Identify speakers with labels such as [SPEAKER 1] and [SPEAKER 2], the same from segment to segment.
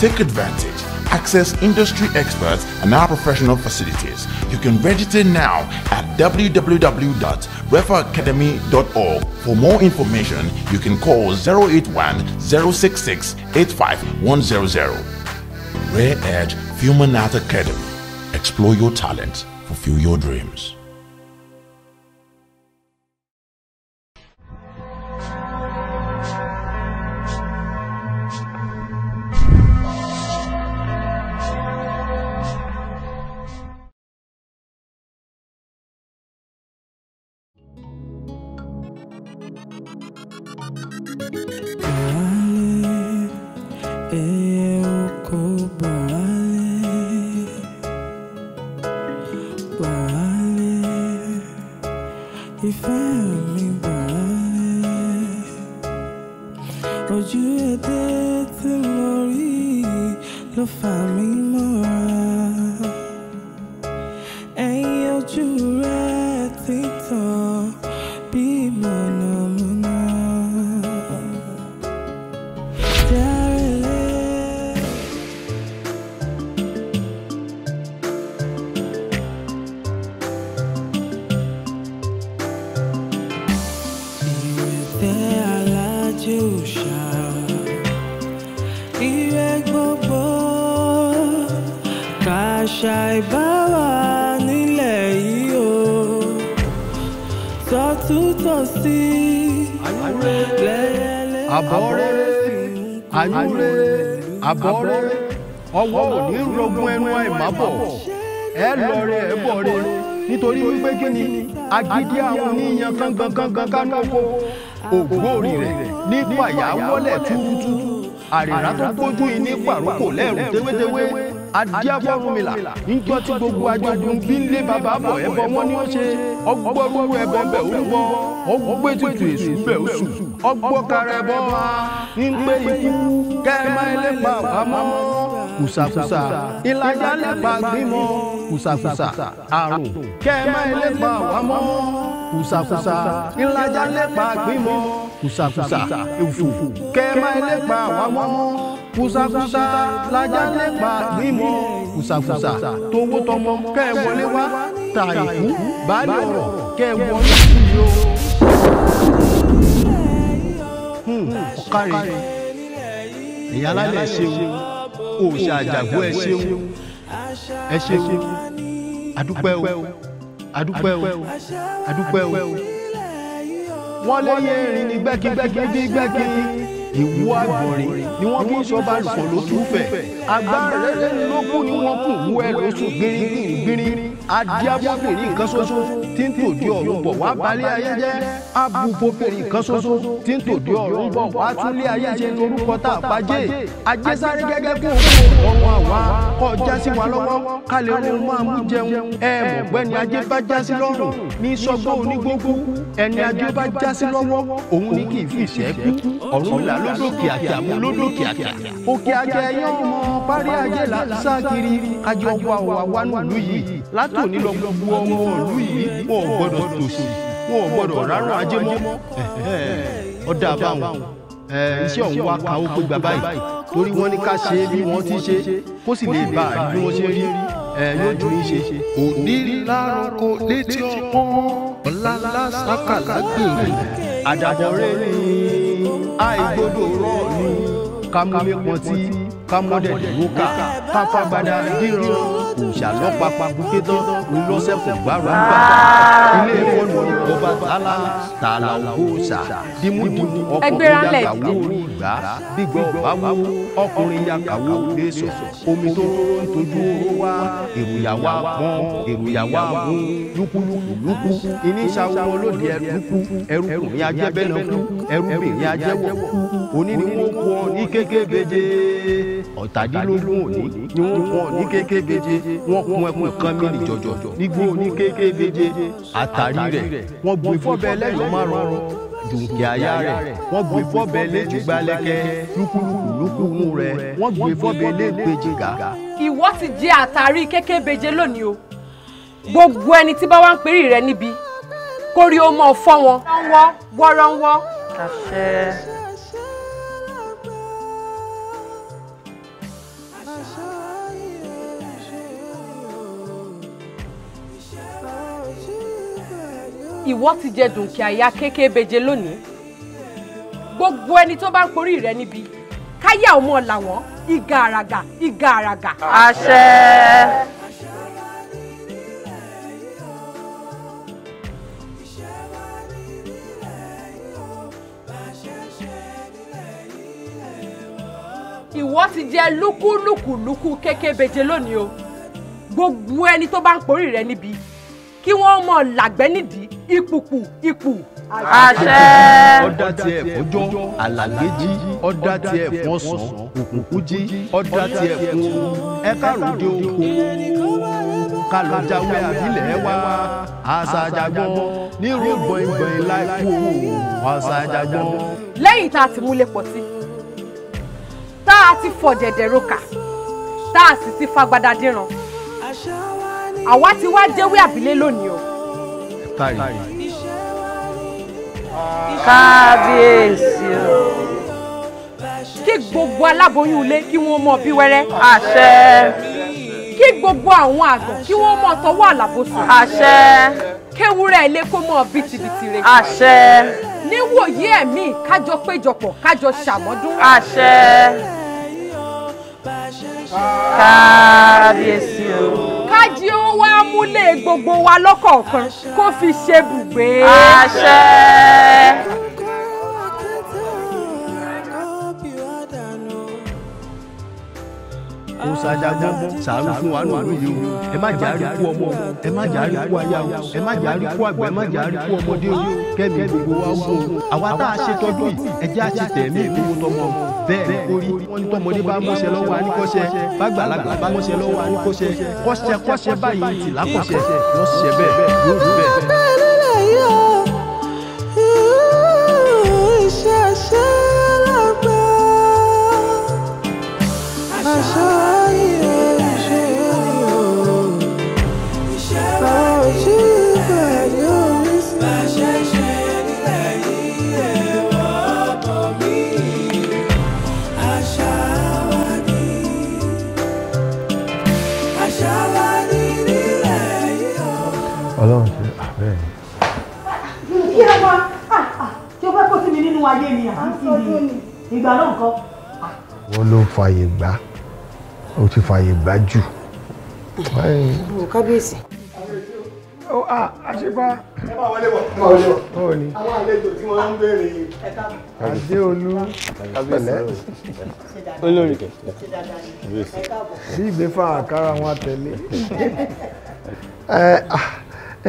[SPEAKER 1] Take advantage. Access industry experts and our professional facilities. You can register now at www.refaacademy.org. For more information, you can call 081 066 85100. Rare Edge Human Art Academy. Explore your talent. fulfill your dreams. bọ̀ ẹ lọ rẹ ẹ bọ̀ rẹ nítorí wípé kí ni agídí àwọn oníyan kángangangan kánú oko ògbóòrì rẹ nípa ìyàwọlẹ túrútú àrìrá tó gbójú iní pàrókò lẹ́rù tewétewé adiafọrùmìlà njọ tí gbogbo àjọ̀dún bí ń lé bàbá bọ̀ ẹbọ wọn ni ó ṣe ọgbọ́rú ẹbọ bẹ̀ ó gbọ́ ọgbẹ́ tutù èṣù bẹ̀ ó sùn ọgbọ́ kárẹ̀ bọ́ wa ń pé ikú kẹ́ẹ̀ máa lè pa àbámọ́ kùsàkùsà ìlàjà lẹ́pa gbímọ kùsàkùsà àrùn kẹ́ẹ̀má ẹlẹ́pa wámọ́ kùsàkùsà ìlàjà lẹ́pa gbímọ kùsàkùsà èfò kẹ́ẹ̀má ẹlẹ́pa wámọ́ kùsàkùsà làjà lẹ́pa gbímọ kùsàkùsà tówó tọmọ kẹ́ẹ̀ wọlé wá tàìkú baálé ọ̀rọ̀
[SPEAKER 2] kẹ́ẹ̀ wọlé kúyọ.
[SPEAKER 1] ọ̀kárí ìyá alálẹ̀ ṣeun òòṣà àjàgbó ẹ ṣeun ẹ ṣeun adúpẹ́ o adúpẹ́ o
[SPEAKER 3] adúpẹ́ o
[SPEAKER 2] wọ́n lẹ́yìn
[SPEAKER 1] erin ní gbẹ́kígbẹ́kí bí gbẹ́kí ìwọ àgbọ̀nrín ni wọ́n bí sọ bá lùkọ̀ lóṣù fẹ̀ agbára rẹ̀ lógún ni wọ́n kù wú ẹ lóṣù gbìnrín adiabobìnrin kan ṣoṣo tí ń tòdí ọ̀run bọ̀ wá balẹ̀ ayé jẹ́ abubobìnrin kan ṣoṣo tí ń tòdí ọ̀run bọ̀ wá túnlé ayé jẹ́ lórúkọ tá a pàjẹ́ àjẹsáré gẹ́gẹ́ kó ọmọ àwa kọjá sí wa lọ́wọ́ ká lè máa mú jẹun ẹ mọ̀ ajé bá já sí lọ́rùn ní sọgbọ́n onígbógún ẹni ajé bá já sí lọ́wọ́ òun ni kì í fi ìṣẹ́ kú ọ̀run là lódòkè àti àmúlódòkè àti. òkè àjẹ yán mọ parí ajé là ń sá kiri ajọ wa wà wá nílùú yìí látòní lọ gbogbo ọmọ ìlú yìí wọn ò gbọ́dọ̀ tòṣì wọn ò gbọ́dọ̀ rárùn ajé mọ́ ọdà àbáwọn
[SPEAKER 3] iṣẹ́ ọ̀hún wá ka ó pé bàbá yìí torí wọ́n ní ká ṣe bí wọ́n ti ṣe kó sì lè bá àrí bí wọ́n ṣe rí
[SPEAKER 1] yóò dùn í ṣe. òní lárúkọ létí ọmọ ọ̀la lásàkàlà gbèrè àdàbọ̀rẹ́ ni àìgbọdọ̀ rọ̀ ni ká múlé pọntí kámọ́dẹ̀ lóka káfagbada díran òṣàlọ́pàpà kúkétọ́ ńlọ́sẹ̀kù gbàrà gbàgbà ilé ìfọ́nù ọba tálá tààlà ògbóòsà dímúdìmú ọkùnrin yàgàwó ìgbà gbígbọ́ báwo ọkùnrin yàgàwó lẹ́sọ̀ omi tó ń tojú owó wá èròyà wá pọ́n èròyà wá wú lúkúlùkù lúkú iníṣàwọ̀ olóde ẹrúkú ẹrúkùnrin ajẹ́bẹ́nà kú ẹrúbìnrin ajẹ́wọ̀ kú oníníwó kú ọ ní kékébéje ọ̀tàdínlógún òní ni wọ́n kún ní kékébeje wọ́n kún ẹkún kan mí ní jọjọ ní kékébeje àtàrí rẹ̀ wọ́n gbé fọ́bẹ̀ lẹ́yìn márùn-ún dùnkì àyà rẹ̀ wọ́n gbé fọ́bẹ̀ lẹ́jùgbà lẹ́kẹ́ lúkúlùkù lúkúmú rẹ̀ wọ́n gbé fọ́bẹ̀ lẹ́gbẹ̀jìgà.
[SPEAKER 4] ìwọ ti jẹ àtàrí kékébeje lónìí o gbogbo ẹni tí bá wá ń perí rẹ níbi kórí ó mọ fọ wọn. wọ́n wọ́ wọ́rọ́ wọ́. ìwọ ti jẹ dùnkì àyà kéké beje lónìí gbogbo ẹni tó bá ń porí rẹ níbi káyà ọmọ làwọn ìgà àràgà ìgà àràgà. àṣẹ. ìwọ ti jẹ lúkúlùkùlùkù kéké beje lónìí o gbogbo ẹni tó bá ń porí rẹ níbi kí wọ́n mọ̀ làgbẹ́ nídìí ìpùpù ìpù. àṣẹ.
[SPEAKER 1] ọ̀dà tiẹ̀ fọjọ́ àlàgéjì ọ̀dà tiẹ̀ fún ọ̀sán òkùnkùnjì ọ̀dà tiẹ̀ fún ooru
[SPEAKER 2] ẹ kárùndé oko kálọ̀ jáwé àbílẹ̀
[SPEAKER 1] wá àṣàjàgbọ́n nírò gbọ̀ngbọ̀n láìpò àṣàjàgbọ́n.
[SPEAKER 4] lẹ́yìn tá a ti múlẹ̀ pọ̀ sí tá a ti fọ̀dẹ̀dẹ̀ roka tá a sì ti fagbada díran àwa ti wá déwé àbílẹ̀ lónìí o. kábíyèsí o. kí gbogbo aláboyún ilé kí wọ́n mọ bí wẹ́rẹ́. àṣẹ. kí gbogbo àwọn àgbọn kí wọ́n mọ tọwọ́ àlàbòsàn. àṣẹ. kéwúrẹ́ ilé kó mọ bìtìbìtì rẹ̀. àṣẹ. níwòyí ẹ̀mí kájọ péjọpọ̀ kájọ ṣàmọ́dún. àṣẹ. kábíyèsí o múlé gbogbo wa lọ́kọ̀ọ̀kan kó fi ṣe bùgbé. àṣẹ.
[SPEAKER 1] ṣàjàgún ṣàánú fún wa nínú yìí o ẹ má jà kú ọmọ ẹ má jà kú aya o ẹ má jà kú àgbà ẹ má jà kú ọmọdé o kẹ́mi gbogbo wa wò o àwa tá a ṣe tọ́jú yìí ẹ jẹ́ àti tẹ̀mí ìdúró tọmọ bẹ́ẹ̀ orí wọn tọmọdé bá mọ́ṣẹ́ lọ́wọ́ àníkọ́ṣẹ́ bàgbàlagbà bá mọ́ṣẹ́ lọ́wọ́ àníkọ́ṣẹ́ kọ́ṣẹ́ kọ́ṣẹ́ báyìí tì lákọ̀ṣẹ́ lọ́ṣẹ́
[SPEAKER 2] bẹ́ẹ̀ yóò bẹ́ẹ̀.
[SPEAKER 4] ìgbà náà nǹkan.
[SPEAKER 5] wọ́n ló ń fààyè gbà ó ti fààyè gbà jù. o kábíyèsí. ó a àṣepá. ẹ bá wọlé wọ ẹ bá wọlé wọ. ó ní. àwọn àlejò tí wọ́n ń béèrè ẹ̀ka. adéolú pẹ̀lẹ́. olórí kẹ. bí ìgbéfà àkàrà wọn tẹ̀lé. ẹ ah,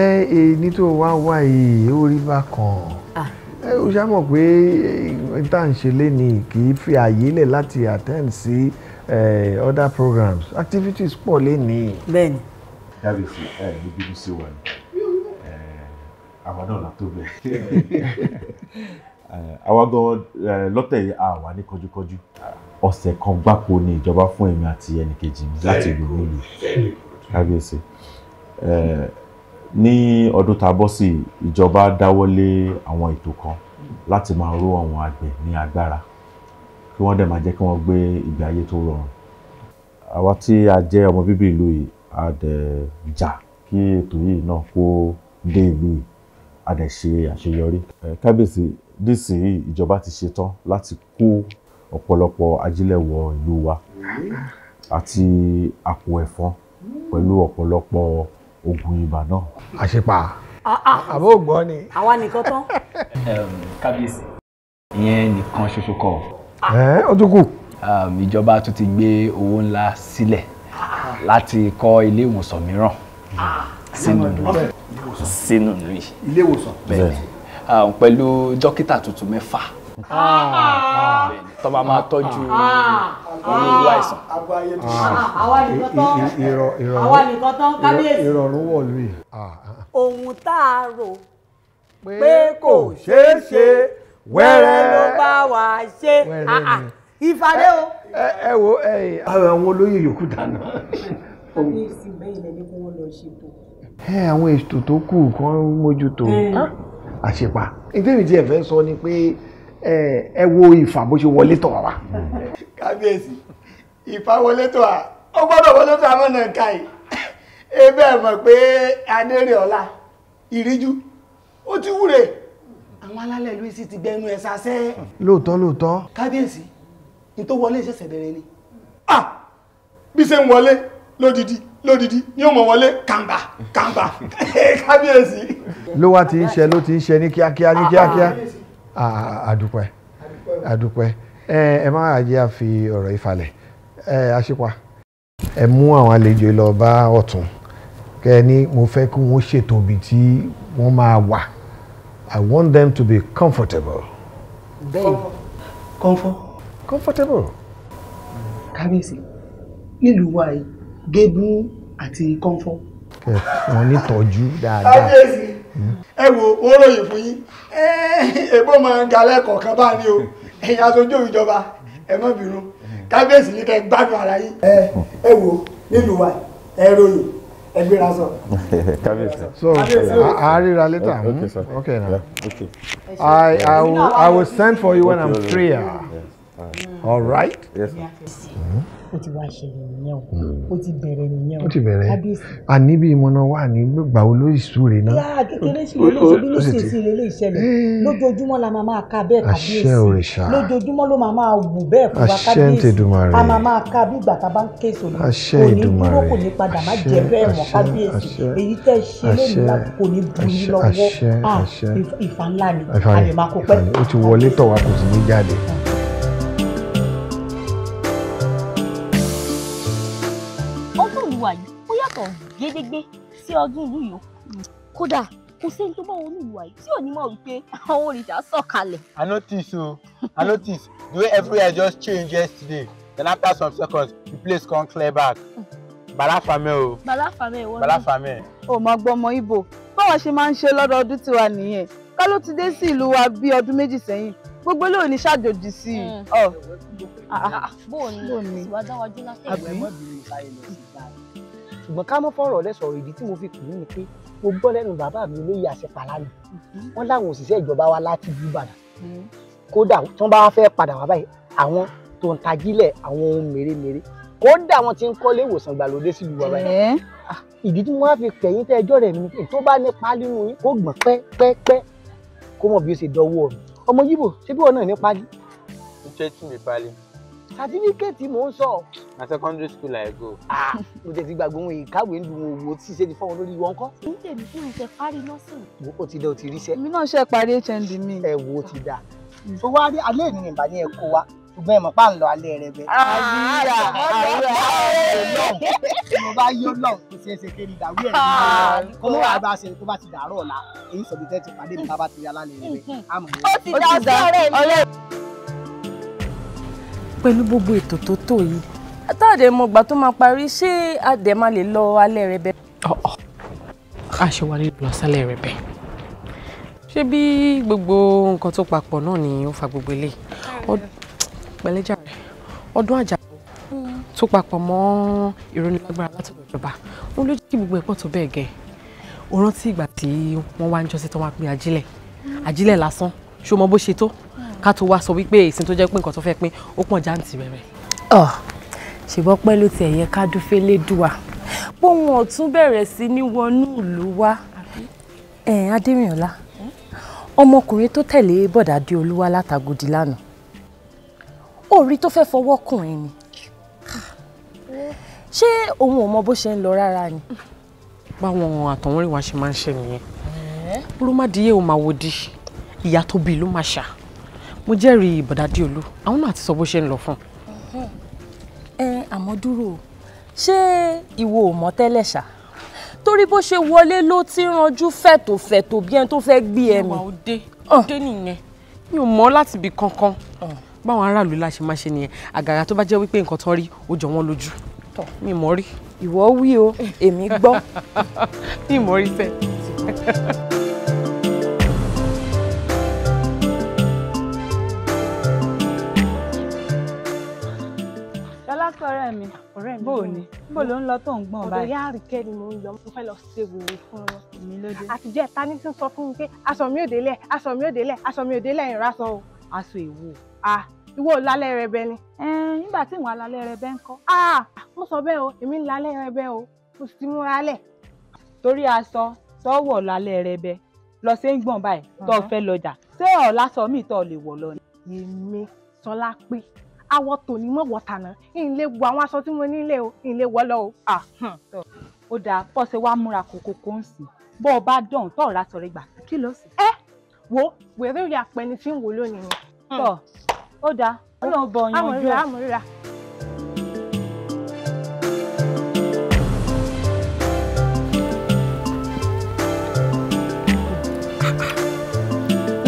[SPEAKER 5] ẹ èyí tó wá wá yìí ó rí bákan. Ah, ẹ o ṣá mọ̀ pé tá à ń ṣe lénìí kì í fi àyè lẹ̀ láti attend sí eh, other programs activities pọ̀ lénìí. bẹ́ẹ̀ni.
[SPEAKER 1] kábíyèsí ẹ ní bíbí sí wa ni eh, àwa náà látó bẹ́ẹ̀ eh, àwa gan lọ́tẹ̀ yìí a wà ní kọjúkọjú ọ̀sẹ̀ kan gbáko ni ìjọba fún èmi àti ẹnìkejì mi láti gbòòrò lù kábíyèsí ní ọdún tá a bọ́ sí ìjọba dáwọ́lé àwọn ètò kan láti máa ró àwọn àgbẹ̀ ní agbára kí wọ́n dẹ̀ máa jẹ́ kí wọ́n gbé ìgbé ayé tó rọrùn àwa tí a jẹ́ ọmọ bíbí ìlú yìí a dẹ̀ jà kí ètò yìí náà kó dé ìlú yìí a dẹ̀ ṣe àṣeyọrí kábíyèsí nísìnyí ìjọba ti ṣetán láti kó ọ̀pọ̀lọpọ̀ ajílẹ̀ wọ ìlú wa àti àpò ẹ̀fọn pẹ̀lú ọ̀pọ̀lọpọ̀ oògùn ibà náà. àṣepa
[SPEAKER 5] ah, ah. àbó ògbọ́n ni. àwa nìkan tán.
[SPEAKER 1] kábíyèsí ìyẹn nìkan ṣoṣo kọ́. Ah. ẹ ó tún kù. ìjọba tún ti gbé owó ńlá sílẹ̀ láti kọ́ ilé ìwòsàn mìíràn sínú sínú rí. ilé ìwòsàn. bẹ́ẹ̀ pẹ̀lú dókítà tuntun mẹ́fà. Ah, ah. tó bá máa tọ́jú olówó àìsàn. ìrọ̀rùn wọ̀ lóye. Ah,
[SPEAKER 4] ohun tá a rò pé
[SPEAKER 5] kò ṣeé ṣe wẹ́rẹ́ ló
[SPEAKER 4] bá wa ṣe ìfàdé o.
[SPEAKER 5] ẹ wo àwọn olóyè yòókù dáná.
[SPEAKER 4] kábíyèsí bẹ́ẹ̀ ilẹ̀ ni kí wọ́n lọ ṣètò.
[SPEAKER 5] ẹ àwọn ètò tó kù kan mójútó àṣepa ìdí ìdí ẹ fẹ́ sọ ni pé ẹ wo ìfà bó ṣe wọlé tọ̀ wá. kábíyèsí ìfà wọlé
[SPEAKER 1] tọ̀ wá ó gbọ́dọ̀ wọlé tọ̀ àwọn náà ká yìí ebe ẹ̀ mọ̀ pé adéré ọ̀la ìríjú ó ti wúre àwọn alálẹ̀ ìlú sì ti gbẹnu ẹ̀ sasẹ́.
[SPEAKER 5] lóòótọ́ lóòótọ́.
[SPEAKER 1] kábíyèsí ní tó wọlé ìṣẹ̀ṣẹ̀ bẹ̀rẹ̀ ni. ah bí ṣe ń wọlé lódìdí lódìdí ni ó mọ̀ wọlé kàǹbà kàǹbà kábíyèsí.
[SPEAKER 5] ló wá ti ń ṣe ló ti ń ṣe ní kíákíá ní kíákíá àdúpẹ́ àdúpẹ́ ẹ ẹ má jẹ́ àfi ọ̀rọ̀ ìfalẹ̀ ẹ àṣepa ẹ mú àwọn àlejò lọ bá ọ̀tún kẹ ni mo fẹ́ kí wọ́n ṣètò ibi tí wọ́n máa wà I want them to be comfortable.
[SPEAKER 1] bẹ́ẹ̀ comfort. comfortable. kábíyèsí nílùú wa yìí gébú àti comfort.
[SPEAKER 5] kẹ wọn ní tọ́jú
[SPEAKER 3] dáadáa. kábíyèsí.
[SPEAKER 1] ẹ wo ó ròyìn fún yín èbó máa ń ga lẹ́kọ̀ọ́ bá ní o ẹ̀yin aṣojú ìjọba ẹ má bínú kábíyèsí ní kẹ́ gbádùn ara yín ẹ wo nílùú wa ẹ ròyìn ẹ gbéra sọ.
[SPEAKER 5] so àárírà later okay hmm? na okay. I, I, will, I will send for you when I'm free. Ah.
[SPEAKER 2] All right? Yes. Sir. ó ti wá
[SPEAKER 4] ṣẹlẹ̀ nìyẹn o hmm. ó ti bẹ̀rẹ̀ nìyẹn o ó ti bẹ̀rẹ̀
[SPEAKER 5] àní bí mo náà wà ní gbà ó lórí ìṣúre náà. yá
[SPEAKER 4] kékeré sí ló ṣe bí ló ṣe sí ilé ìṣẹ̀lẹ̀ eh. lójoojúmọ́ la máa máa ka bẹ́ẹ̀ kábíyèsí lójoojúmọ́ ló máa máa wù bẹ́ẹ̀ fún wa kábíyèsí a máa máa ka bí ìgbà tá a bá ń ké sòlò kò ní dúró kò ní padà má jẹ bẹ́ẹ̀ mọ́ kábíyèsí èyí tẹ́ ṣe lónìí kò ní bu yín lọ́wọ́ ah, ìfà ńlá ni a lè máa kó pẹ́.
[SPEAKER 5] ó ti wọlé tọ̀
[SPEAKER 4] gédégbé sí ọdún ìlú yìí kódà kò sẹ́ni tó bá wọnú ìwà yìí tí ò ní mọ̀ wípé àwọn òrìṣà sọ̀kalẹ̀.
[SPEAKER 1] I notice o I notice the way everywhere just change yesterday then after some seconds the place come clear back. balafame o.
[SPEAKER 6] balafame o. balafame. o máa gbọ́ ọmọ ibo
[SPEAKER 4] báwọn ṣe máa ń ṣe lọ́dọọdún tiwa nìyẹn ká ló ti dé sí ìlú wa bí ọdún méjì sẹ́yìn
[SPEAKER 6] gbogbo lóò ní ṣàjòjì sí i. Mm. Ah, ah, ah. bóò ni ìwà dáwájú látẹ̀wé. àbí ṣùgbọ́n ká mọ́ fọ̀rọ̀ lẹ sọ̀rọ̀ ìdí tí mo fi kù ní ni pé mo gbọ́ lẹ́nu bàbá mi olóyè àṣepàlá ni mhm. wọ́n láwọn òṣìṣẹ́ ìjọba wa láti ìlú Ìbàdàn mhm. kódà tí wọ́n bá fẹ́ padà wá báyìí àwọn tó ń tajílẹ̀ àwọn ohun mèremère kódà wọ́n ti ń kọ́lé ìwòsàn ìgbàlódé sílùú wa báyìí ah, ìdí tí mo wá fi pẹ̀yìn tẹ́ ẹjọ́ rẹ̀ mi pé tó bá nípa nínú yín kó gbọ̀n pẹ́pẹ́pẹ́ kó mọ̀ bí ó ṣe dọwọ́ mi ọmọ yíbo ṣé bí wọn náà nípa ní.
[SPEAKER 1] ń tẹ́tí mi balẹ̀
[SPEAKER 6] sàtífíkẹ́ẹ̀tì mò ń sọ.
[SPEAKER 1] na secondary school i go.
[SPEAKER 6] ah mo tẹ̀ ti gbàgbé ohun ìkàwé ń lu owó tí ṣe ti fọ́n lórí wọn kọ́. n tèmi fún
[SPEAKER 3] ìṣe parí nursing.
[SPEAKER 6] o ti dẹ o ti ríṣẹ́. èmi náà ṣe parí hnd mi. ẹ wo ti da. tó mm. wá rí alẹ́ ìrìn ìbá ní ẹ kó wa ṣùgbọ́n ẹ mọ̀ pa ń lọ alẹ́ rẹ bẹ́ẹ̀. àyíra àyíra ọlọ́run tí mo bá yí ọlọ́run kò ṣeé ṣe kí n dàwí ẹ̀ ní ah, kó wàá bá ṣe tó bá ti dàárọ̀ ọ̀la èyí sọ̀bí tẹ́ ti pàdé mi bá bá ti yá lálẹ́ rẹ. ó ti dà sí ọ̀rẹ́ mi
[SPEAKER 4] pẹ̀lú gbogbo ètò tó tò yìí. táàdé mo gbà tó máa parí ṣé àdé máa lè lọ alẹ́ rẹ bẹ́ẹ̀. a ṣe wà nílùú asálẹ̀ rẹ bẹ́ẹ̀. ṣé bí gbogbo nǹkan tó papọ̀ náà ni ó fa gbogbo ilé pẹ̀lẹ́jà rẹ̀ ọdún àjà tó papọ̀ mọ́ ìrónilágbára látọ̀dọ̀ ìjọba wọn ló jẹ́ kí gbogbo ẹ̀pọ̀ tó bẹ́ẹ̀ gẹ̀ ó rántí ìgbà tí wọ́n wá ń jọ́sí tó wá pín ajílẹ̀ ajílẹ̀ lásán ṣó mọ bó ṣe tó ká tó wá sọ wípé ìsìn tó jẹ́ pé nǹkan tó fẹ́ pín ó pọ̀ jáǹtì rẹ̀. ṣùgbọ́n pẹ́lú tiẹ̀ yẹ ká dúfẹ́ lédùá bóun ọ̀tún bẹ̀rẹ̀ sí ní wọnú ìlú wa adémíọ̀lá ọmọkùnrin tó tẹ̀lé bọ̀dà dé olúwa látàgòdì lánàá orí tó fẹ́ fọwọ́ kùn ni ṣé òun ò mọ bó ṣe ń lọ rárá ni. báwọn àtọ̀húnrìnwá ṣe máa ń ṣe nìyẹn búrú má díye ò máa wò di ìyá tó bí ló máa ṣà mo jẹ́rìí bọ̀dádé olú àwọn náà ti sọ bó ṣe ń lọ fún. ẹ àmọ́ dúró ṣé ìwọ ò mọ̀ tẹ́lẹ̀ ṣá torí bó ṣe wọlé ló ti ranjú fẹ̀tòfẹ̀tò bí ẹni tó fẹ́ gbé ẹ̀mí. ìwà òde òde nìyẹn. mi ò mọ̀ láti ibi kankan báwọn aráàlú la ṣe máa ṣe nìyẹn àgàrà tó bá jẹ́ wípé nǹkan tán rí ó jọ wọ́n lójú mi mọ̀ rí. ìwọ wí o èmi gbọ́. mi mọ̀ rí
[SPEAKER 3] sẹ́ẹ̀.
[SPEAKER 4] ọ̀rẹ́ mi ọ̀rẹ́ mi bò ní bò ló ń lọ tó ń gbọ̀n báyìí. ọ̀dọ̀ yáàrì kẹ́ ni mo ń lọ mo fẹ́ lọ ṣe wèrè fún wọn. èmi ló dé. àtijọ́ ẹ̀ta ní sísọ fún mi pé aṣọ mi ò délẹ̀ aṣọ mi ò délẹ̀ aṣọ mi ò délẹ̀ ìrasọ o. aṣọ èwo. a ìwọ lálẹ́ rẹ bẹ ni. nígbà tí ìwọ̀n alálẹ́ rẹ bẹ ń kọ́. mo sọ bẹ́ẹ̀ o èmi ń lálẹ́ rẹ bẹ o mo sì ti múra lẹ̀. torí aṣọ tọ́wọ̀ lálẹ́ rẹ bẹ lọ sí ń gbọ̀n báyìí tó fẹ́ lọ jà ṣé ọ̀ lásọ míì tó lè wọ̀ lọ ni. yèmí sọlá pé awọ tòní mọ̀ wọ̀tà náà ìyìn lè wo àwọn aṣọ tí mo nílé o ìyìn lè wọ́ lọ o. ó dáa pọ́sẹ̀ wá múra kòkó kó ń sìn bọ́ ọ bá dán tọ́ ọ̀rá tọ̀rẹ́ gbà kí ló sì. ẹ wo wèrè ìrìn àpẹni tí ń wò lónìí ni. Hmm. tọ ó dáa ó lọ bọ ọyàn ojú ẹ. àmọ̀ríra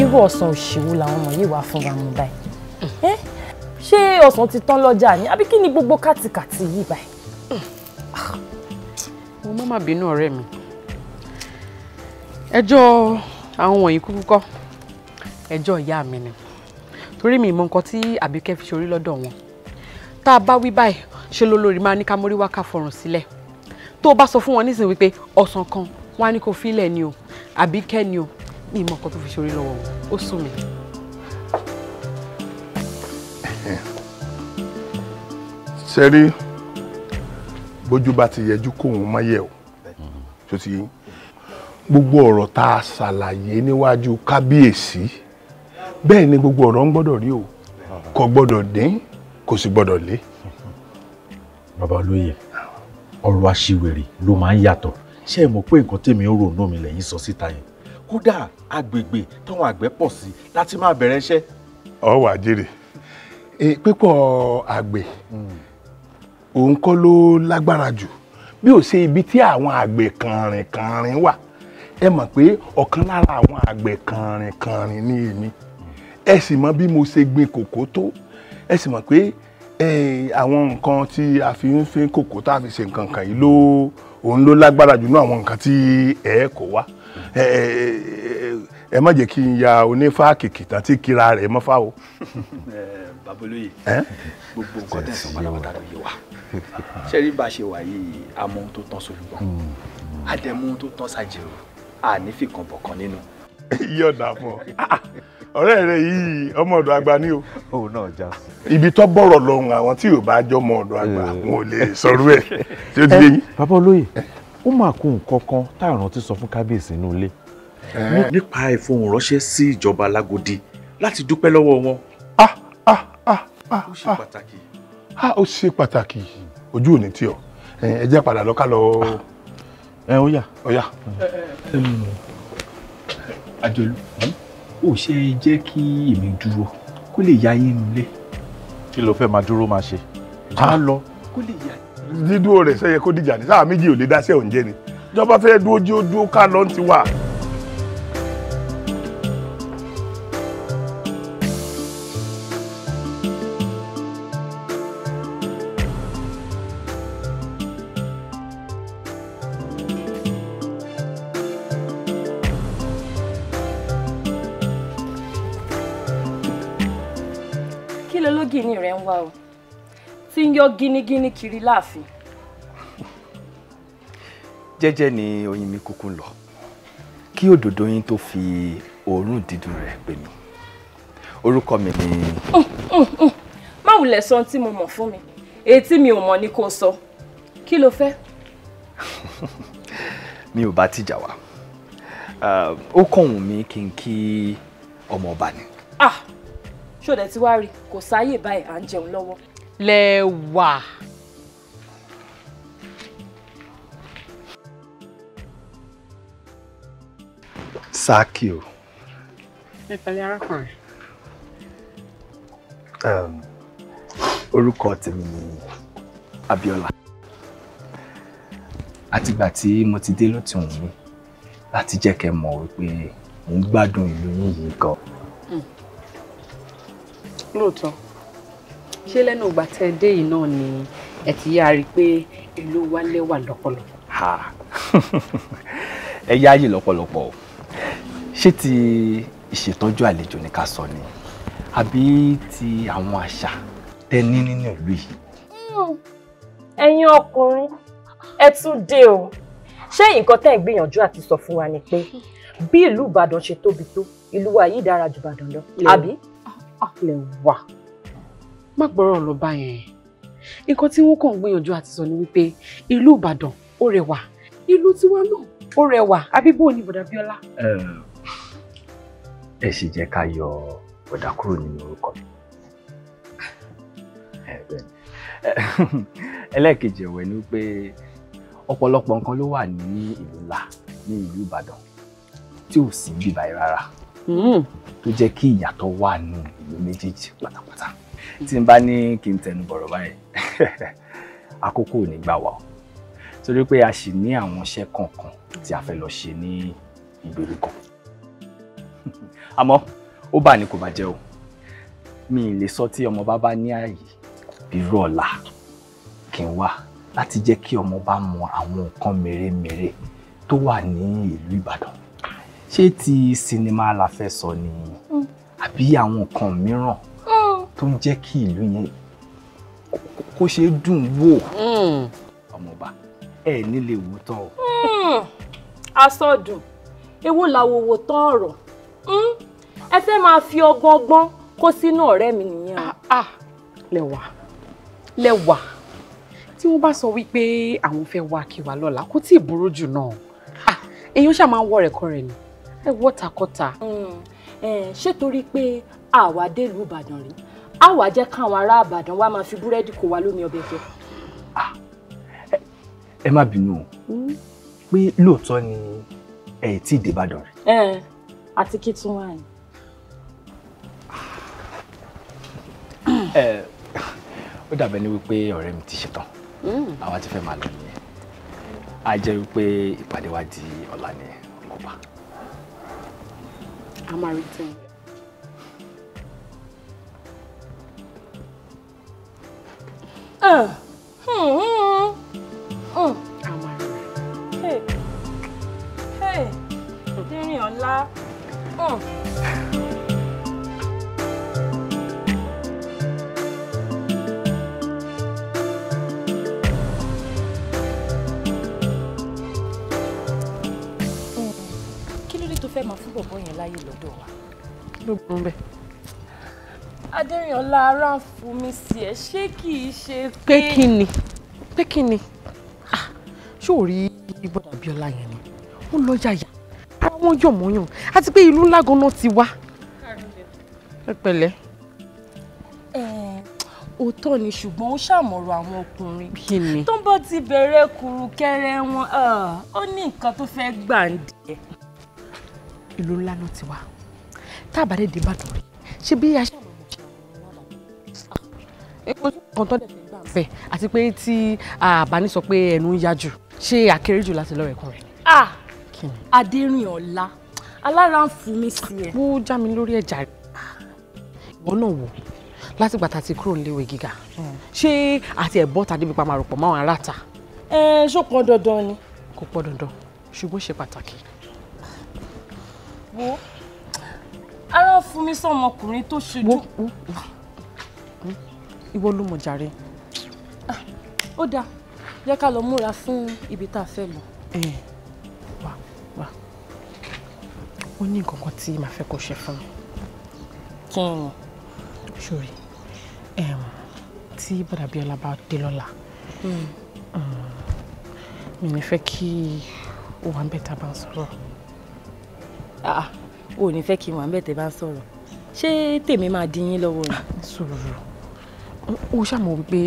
[SPEAKER 4] irú ọ̀sán òṣìwò làwọn ọmọ yìí wá fún wa mú báyìí ṣé ọ̀sán ti tán lọ́jà ni àbí kí ni gbogbo kàtìkàtì yìí báyìí. mo má má bínú ọ̀rẹ́ mi ẹjọ́ àwọn wọ̀nyí kúkú kọ́ ẹjọ́ ìyá mi ni torí mi ìmọ̀ nǹkan tí àbíkẹ́ fi ṣorí lọ́dọ̀ wọn tá a bá wí báyìí ṣe ló lórí máa ní ká mórí wá ká fọrùn sílẹ̀ tó o bá sọ fún wọn nísìnyí wípé ọ̀sán kan wọn á ní kó fílẹ̀ ni o àbíkẹ́ ni o mi ìmọ̀ nǹkan tó fi ṣorí lọ́wọ́ wọn ó sùn mí.
[SPEAKER 1] ṣe rí bójú bá ti yẹjú kóhun mọ́yẹ̀ o tó ti yín gbogbo ọ̀rọ̀ tá a ṣàlàyé níwájú kábíyèsí bẹ́ẹ̀ ni gbogbo ọ̀rọ̀ ń gbọ́dọ̀ rí o kò gbọ́dọ̀ dín kò sì gbọ́dọ̀ lé. bàbá olóye ọ̀rọ̀ aṣiwèrè ló máa ń yàtọ̀ ṣé ẹ mọ̀ pé nǹkan tèmi ń ronú mi lẹ́yìn sọ síta yẹn kódà agbègbè táwọn àgbẹ̀ pọ̀ sí láti máa bẹ̀rẹ̀ iṣẹ́. ọ wà jèrè pípọ̀ àgbẹ̀ hmm òun kọ́ ló lágbára jù bí ò ṣe ibi tí àwọn àgbẹ̀ kànrìnkànrìn wà ẹ mọ̀ pé ọ̀kan lára àwọn àgbẹ̀ kànrìnkànrìn ni èmi ẹ sì mọ bí mo ṣe gbin kòkó tó ẹ sì mọ̀ pé àwọn nǹkan tí a fi ń fi kòkó tá a fi ṣe nǹkan kan yìí ló òun ló lágbára jù ní àwọn nǹkan tí ẹ kò wá ẹ má jẹ́ kí n ya onífà kìkìtà tí kíra rẹ̀ mọ́fà o. babolóye gbogbo nǹkan tẹ̀sán pátápátá ló yẹ wa. ṣé rí bá a ṣe wà yìí àmọ́ ohun tó tán sólùgbọ́n àdẹ̀mú hmm. ohun tó tán ṣàjẹrò ànífì kan bọ̀kan nínú. yọ̀dà mọ́ ọ̀rẹ́ rẹ yìí ọmọ ọ̀dọ̀ àgbà ni o. òun náà já sí. ibi tó bọ̀rọ̀ lọ́hùn àwọn tí yóò bá jọ ọmọ ọ̀dọ̀ àgbà eh. wọn ò lè sọrú ẹ̀ tí ó ti lè eh, yín. bàbá olóyè ó máa kó nǹkan kan tá à rántí sọ fún kábíyèsí inú ilé. Eh. nípa ìfohùn ránṣẹ́ sí ìjọba alágòdì láti dúpẹ́ lọ́wọ́ wọn. Ah, ah, ah, ó ṣe pàtàkì. ó ṣe pàtàkì ojú ò ní tì ọ́ ẹ jẹ́ padà lọ ká lọ. ẹ ó yá. ó yá. àjọlù ò ṣe é jẹ́ kí èmi dúró kó lè ya yín nulẹ̀. kí ló fẹ́ máa dúró máa ṣe. ká lọ kó lè ya yín. dídúró rẹ̀ sẹ́yẹ kó dìjà ní sáà méjì ò lè dá sí ọ̀njẹ́ ni ìjọba fẹ́ dúró jí ó dúró ká lọ́n ti wà.
[SPEAKER 4] yọ gínígíní kiri láàfin.
[SPEAKER 1] jẹ́jẹ́ ni oyin mi kúkú lọ kí òdòdó yín tó fi òórùn dídùn rẹ̀ pè mí orúkọ mi ni. Mm,
[SPEAKER 4] mm, mm. má wulẹ̀ sọ ohun tí mo mọ̀ fún mi èyí tí mi ò mọ̀ ni kò sọ kí lo fẹ́.
[SPEAKER 1] mi ò bá tìjà wá ó kàn wù kí n kí ọmọ ọba ni.
[SPEAKER 4] ah ṣó dẹ̀ ti wá rí kò sáàyè báyìí à ń jẹun lọ́wọ́ lẹ wà.
[SPEAKER 1] Sáàkì o.
[SPEAKER 4] Ẹ pẹ̀lẹ́ arákùnrin.
[SPEAKER 1] Orúkọ tèmi ni Abíọ́lá. Àtìgbà tí mo ti dé ló ti wù mí láti jẹ́ kẹ́ mọ̀ wípé mò ń gbádùn ìlú yín yìí gan.
[SPEAKER 3] Hmm.
[SPEAKER 4] Lóòótọ́ ṣé lẹ́nu ìgbà tẹ́ dé yìí náà ni ẹ ti yá rí i pé èlò wálé wà lọ́pọ̀lọpọ̀.
[SPEAKER 1] ẹ yáàyè lọ́pọ̀lọpọ̀ ṣé ti ìṣètọ́jú àlejò ni ká sọ ni àbí ti àwọn àṣà tẹ ní nínú ìlú yìí.
[SPEAKER 3] Hmm.
[SPEAKER 4] ẹ̀yin ọkùnrin ẹ tún dé o ṣé nǹkan tẹ́ ń gbìyànjú àti sọ fún wa ni pé bí ìlú Ìbàdàn ṣe tóbi tó ìlú wa yìí dára jù Ìbàdàn lọ àbí. lè má gbọ́rọ̀ lọ bá yẹn nǹkan tí wọ́n kàn gbìyànjú àti sọ ni wípé ìlú Ìbàdàn ó rẹwà ìlú tiwa náà ó rẹwà abíbò ní bọ̀dà Bíọ́lá.
[SPEAKER 1] ẹ sì jẹ́ ká yọ bọ̀dà kúrò nínú orúkọ mi ẹlẹ́ẹ̀kejì ẹ̀wẹ̀ ni pé ọ̀pọ̀lọpọ̀ nǹkan ló wà ní ìlú ńlá ní ìlú Ìbàdàn tí ò sí bíbáyìí rárá hmm. tó jẹ́ kí ìyàtọ̀ wà nù ìlú méjèèjì pátápátá tí n bá ní kí n tẹnu bọ̀rọ̀ báyìí àkókò ò ní gbà wá o torí pé a sì ní àwọn iṣẹ́ kọ̀ọ̀kan tí a fẹ́ lọ ṣe ní ìgbèríko àmọ́ ó bà ní kò bá jẹ́ o mi ì lè sọ tí ọmọ bá bá ní ààyè irú ọ̀la kí n wá láti jẹ́ kí ọmọ bá mọ àwọn nǹkan mèremère tó wà ní ìlú Ìbàdàn ṣé ti sinimá la fẹ́ sọ ni hmm. àbí àwọn nǹkan mìíràn tó ń jẹ́ kí ìlú yẹn kó ṣe dùn wò hmm. ọmọọba ẹ nílé wò tán o.
[SPEAKER 4] Hmm. asọdùn ewo làwọ̀ wò tán ọ̀rọ̀ hmm? ẹ fẹ́ máa fi ọgbọ́n gbọ́n kó sínú ọ̀rẹ́ mi nìyẹn o. Ah, ah, lẹ́wà lẹ́wà tí wọ́n bá sọ wípé àwọn fẹ́ wá kí wa lọ́la kó tí ì burú jù náà ah, èèyàn ṣáà máa ń wọ rẹ̀kọ̀rẹ̀ ni ẹ wọ́takọ́ta. ṣé torí pé àwa délùú Ìbàdàn rí á wàá jẹ́ káwọn ará àbàdàn wá máa fi búrẹ́dì kó wa lómi ọbẹ̀ jẹ. Ah, ẹ má bínú o hmm?
[SPEAKER 1] pé lóòótọ́ ni ẹ tí ì dé Ìbàdàn
[SPEAKER 4] rẹ̀. àti kí tún wà ní.
[SPEAKER 1] ó dàbẹ̀ ni wípé ọ̀rẹ́ mi ti ṣetán hmm. àwa ti fẹ́ máa lọ nìyẹn a jẹ́ wípé ìpàdé wa di ọ̀la ni ọlọ́pàá.
[SPEAKER 4] a máa rí tẹ́yìn. dínrín ọ̀la. kí ló dé tó fẹ́ máa fún bọ̀bọ̀ yẹn láyé lọ́dọ̀ wa. ló gbọ́n bẹ́ẹ̀. Adérìnọlá Aráǹfùmí sí ẹ ṣé kì í ṣe pé. pé kí ni pé kí ni ah, ṣé ò rí ibodà Abíọ́lá yẹn ni ó lọ yàyà àwọn yọ̀mọ̀yàn àti pé ìlú ńlá ganan ti wá. pẹ̀lẹ́. òótọ́ ni ṣùgbọ́n ó ṣàmọ̀rọ̀ àwọn ọkùnrin. kí ni. tó ń bọ́ ti bẹ̀rẹ̀ kùrùkẹrẹ wọn ó ní nǹkan tó fẹ́ gbà ń dìé. ìlú ńlá náà ti wá tá a bá dé dé bàdàn rẹ̀ ṣé bí a ṣe epo kan tó dẹ̀ fi gbà bẹ́ẹ̀ àti pé tí àbáni sọ pé ẹnu ń yá jù ṣé àkéré jù láti lọ́rẹ̀ẹ́ kan rẹ̀. ah adérìn ọ̀la alára ń fún mi sí ẹ. wó já mi lórí ẹ̀jà rẹ̀ ìwọ náà wò láti gbà tá a ti kúrò níléèwé gíga hmm. ṣé àti ẹ̀bọ́ ta débi pa màrò pọ̀ máwọn aráta. ẹ ṣó pọn dandan ni. kò pọn dandan ṣùgbọ́n ṣe pàtàkì. wo ara ń fún mi sọmọkùnrin tó ṣojú ìwọ ló mọ̀ jàre. ó dáa jẹ́ ká lọ múra fún ibi tá a fẹ́ lọ. wà wà ó ní nǹkan kan tí màá fẹ́ kó ṣe fún mi. kí ni. sori tí bàdàbíọ́lá bá dé lọ́la hmm. mi ní fẹ́ kí o wà ń bẹ̀ tá a bá ń sọ̀rọ̀. Ah, ah, o ò ní fẹ́ kí n wà ń bẹ̀ tẹ́ bá ń sọ̀rọ̀ ṣé tèmi máa di yín lọ́wọ́ ni. sùúrù ó ṣàmọ̀ wípé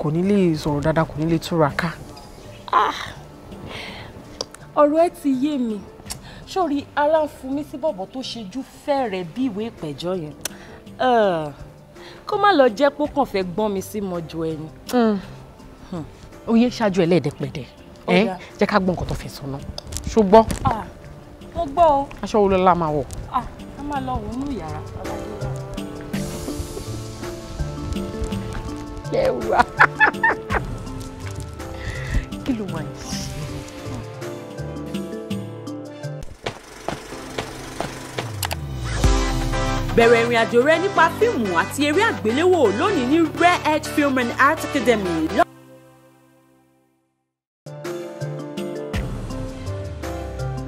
[SPEAKER 4] kò ní lè sọ̀rọ̀ dáadáa kò ní lè túra ká. Ah, ọ̀rọ̀ ẹ ti yé mi sórí ara fún mi sí bọ̀bọ̀ tó ṣejú fẹ́rẹ̀ bí ìwé ìpẹ̀jọ́ yẹn eh, kó má lọ jẹ́ pé ó kàn fẹ́ gbọ́n mi sí mọ́jú ẹni. oyè hmm. hmm. ṣáájú ẹ lẹ́ẹ̀dẹ́pẹ̀dẹ́ ẹ eh, jẹ́ ká gbọ́ nǹkan tó fẹ́ sọ náà ṣùgbọ́n. Ah, mo gbọ́ o. aṣọ wo ló la máa wọ̀. Ah, a máa lọ wò ó nínú yàrá. jẹ wá kí ló máa jẹ. bẹ̀rẹ̀ ìrìn àjò rẹ nípa fíìmù àti eré àgbéléwò lónìí ní Rare Edge Film and Art Academy.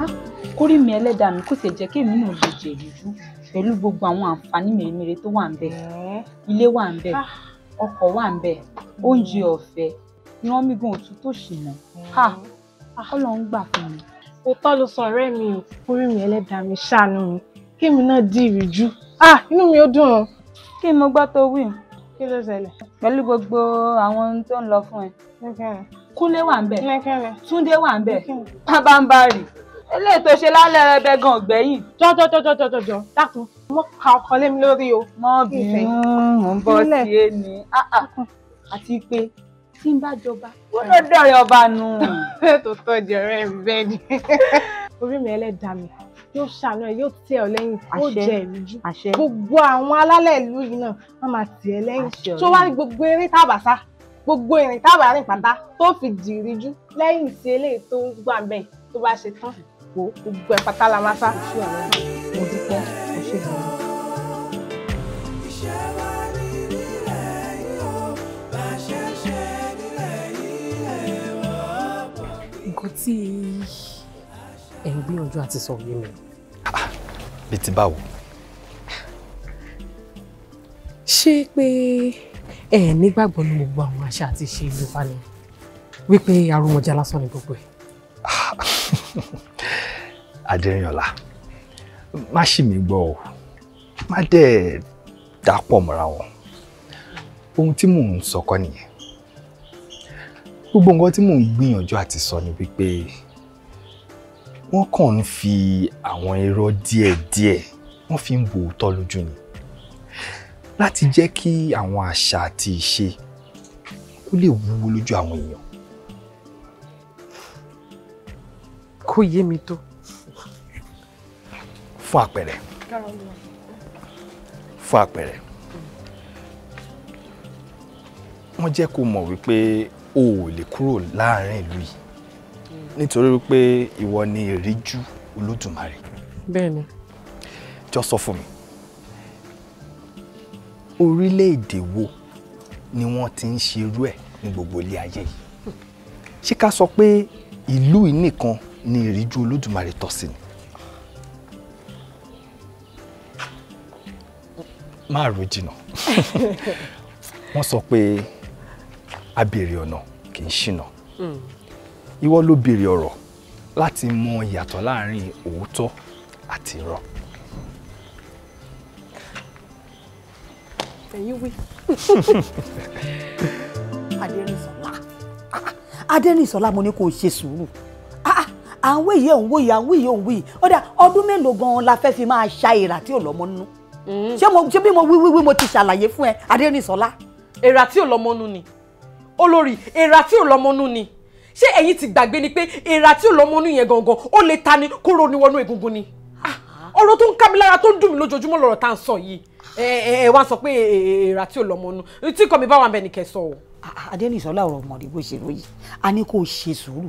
[SPEAKER 4] Ah, kórè mi ẹlẹ́dàá mi kò sì jẹ́ kí èmi náà lè jèrè jù pẹ̀lú gbogbo àwọn àǹfààní mèremère tó wà ń bẹ̀ ilé wà ń bẹ̀ ah ọkọ̀ wà ń bẹ̀ oúnjẹ mm. ọ̀fẹ́ ìran mi gan òtún tó ṣìnà mm. ha ah. Ọlọ́run gbà fún mi. òótọ́ ló sọ ọ̀rẹ́ mi ò kúrú mi ẹlẹ́dàá mi ṣàánú mi kí mi náà dì ìrìjú ah inú mi ó dùn ún. kí ni mo gbọ́ tó wí kí ló ṣẹlẹ̀. pẹ̀lú gbogbo àwọn ohun tó ń lọ fún ẹ. Kúnlé wà ń bẹ̀ Túndé wà ń bẹ̀ Pábánbárì eléyìí tó ṣe lálẹ́ ẹbẹ gan ọ̀gbẹ́yìn. jọjọjọjọjọjọ dákun mo ka ọkọ lé mi lórí o. mọ bínú
[SPEAKER 2] mò ń bọ̀ sí
[SPEAKER 4] é ní ah, ah. àti pé tí n bá jọba.
[SPEAKER 2] ó ló dọ̀rẹ́ ọba nù. tó tọ́jú ọ̀rẹ́ bẹ́ẹ̀ ni.
[SPEAKER 4] orí mi ẹlẹ́dàá mi yóò ṣàánú ẹ yóò tẹ ọ lẹ́yìn ó jẹ ìrújú gbogbo àwọn alálẹ̀ ìlú yìí náà wọn máa tì ẹ lẹ́yìn tó wá ní gbogbo eré tábàṣá gbogbo ìrìn tábàárìn pátá tó fi dì ìrújú lẹ́yìn tí eléyìí tó ń gbà bẹ́ẹ̀ tó bá ṣe tán gbogbo gbogbo ẹ̀ pátá la máa sá sí ọ̀rẹ́ mo dúpẹ́ mo ṣe ìgbìmọ̀. nǹkan tí ẹ̀ ń gbìyànjú àti sọ
[SPEAKER 1] yé mi. Ah, bí ti báwo.
[SPEAKER 4] ṣé pé ẹ nígbàgbọ́ ní gbogbo àwọn àṣà àti ìṣe ìlú wa wípé arúmọjá lásán ni gbogbo ẹ̀.
[SPEAKER 1] adérínyọ̀lá má ṣì mí gbọ́ o má dẹ̀ dápọ̀ mọ́ra wọn ohun tí mò ń sọkọ nìyẹn gbogbo nǹkan tí mò ń gbìyànjú àti sọ ni wípé wọ́n kàn ń fi àwọn irọ́ díẹ̀díẹ̀ wọ́n fi ń bo òótọ́ lójú ni láti jẹ́ kí àwọn àṣà àti ìṣe kó lè wúwo lójú àwọn èèyàn. kò yé mi tó fún àpẹẹrẹ fún àpẹẹrẹ wọ́n jẹ́ kó mọ̀ wípé o ò lè kúrò láàrin ìlú yìí nítorí wípé ìwọ ni ìríjú olódùmarè. bẹ́ẹ̀ni. jọ sọ fún mi orílẹ̀-èdè wo ni wọ́n ti ń ṣerú ẹ̀ ní gbogbo ilé ayé yìí ṣé ká sọ pé ìlú yìí nìkan ni ìríjú olódùmarè tọ́ sí ni. má rò jìnnà wọ́n sọ pé abèrè ọ̀nà kì í ṣìnà hmm. ìwọ ló béèrè ọ̀rọ̀ láti mọ ìyàtọ̀ láàrin òótọ́ àti irọ́.
[SPEAKER 4] ẹ̀yin wí adẹ́rìnsọ́lá adẹ́rìnsọ́lá mo ní kó o ṣe sùúrù ah, ah, à ń wéyìí òun wéyìí à ń wéyìí òun wéyìí ọdún mélòó gan la fẹ́ fi máa ṣa ìrà tí ò lọ́mọ nínú. Mm. ṣé mo ṣé bí mo wíwíwí mo ti ṣàlàyé fún ẹ adéníṣọlá. èèrà tí ò lọmọnú ni olórí èèrà tí ò lọmọnú ni ṣé ẹ̀yin ti gbàgbé ni pé èèrà tí ò lọmọnú yẹn gangan ó lè ta ni kóró ni wọnú egungun ni ah, ọ̀rọ̀ tó ń ká mi lára tó ń dùn mí lójoojúmọ́ lọ́rọ̀ tá à ń sọ yìí ẹ ẹ wá sọ pé èèrà tí ò lọmọnú tí kò mi bá wà bẹ́ẹ̀ ni kẹ́ sọ o. adéníṣọlá ọ̀rọ̀ ọmọdé bó ṣe lóye a ní kó o ṣe sùúrù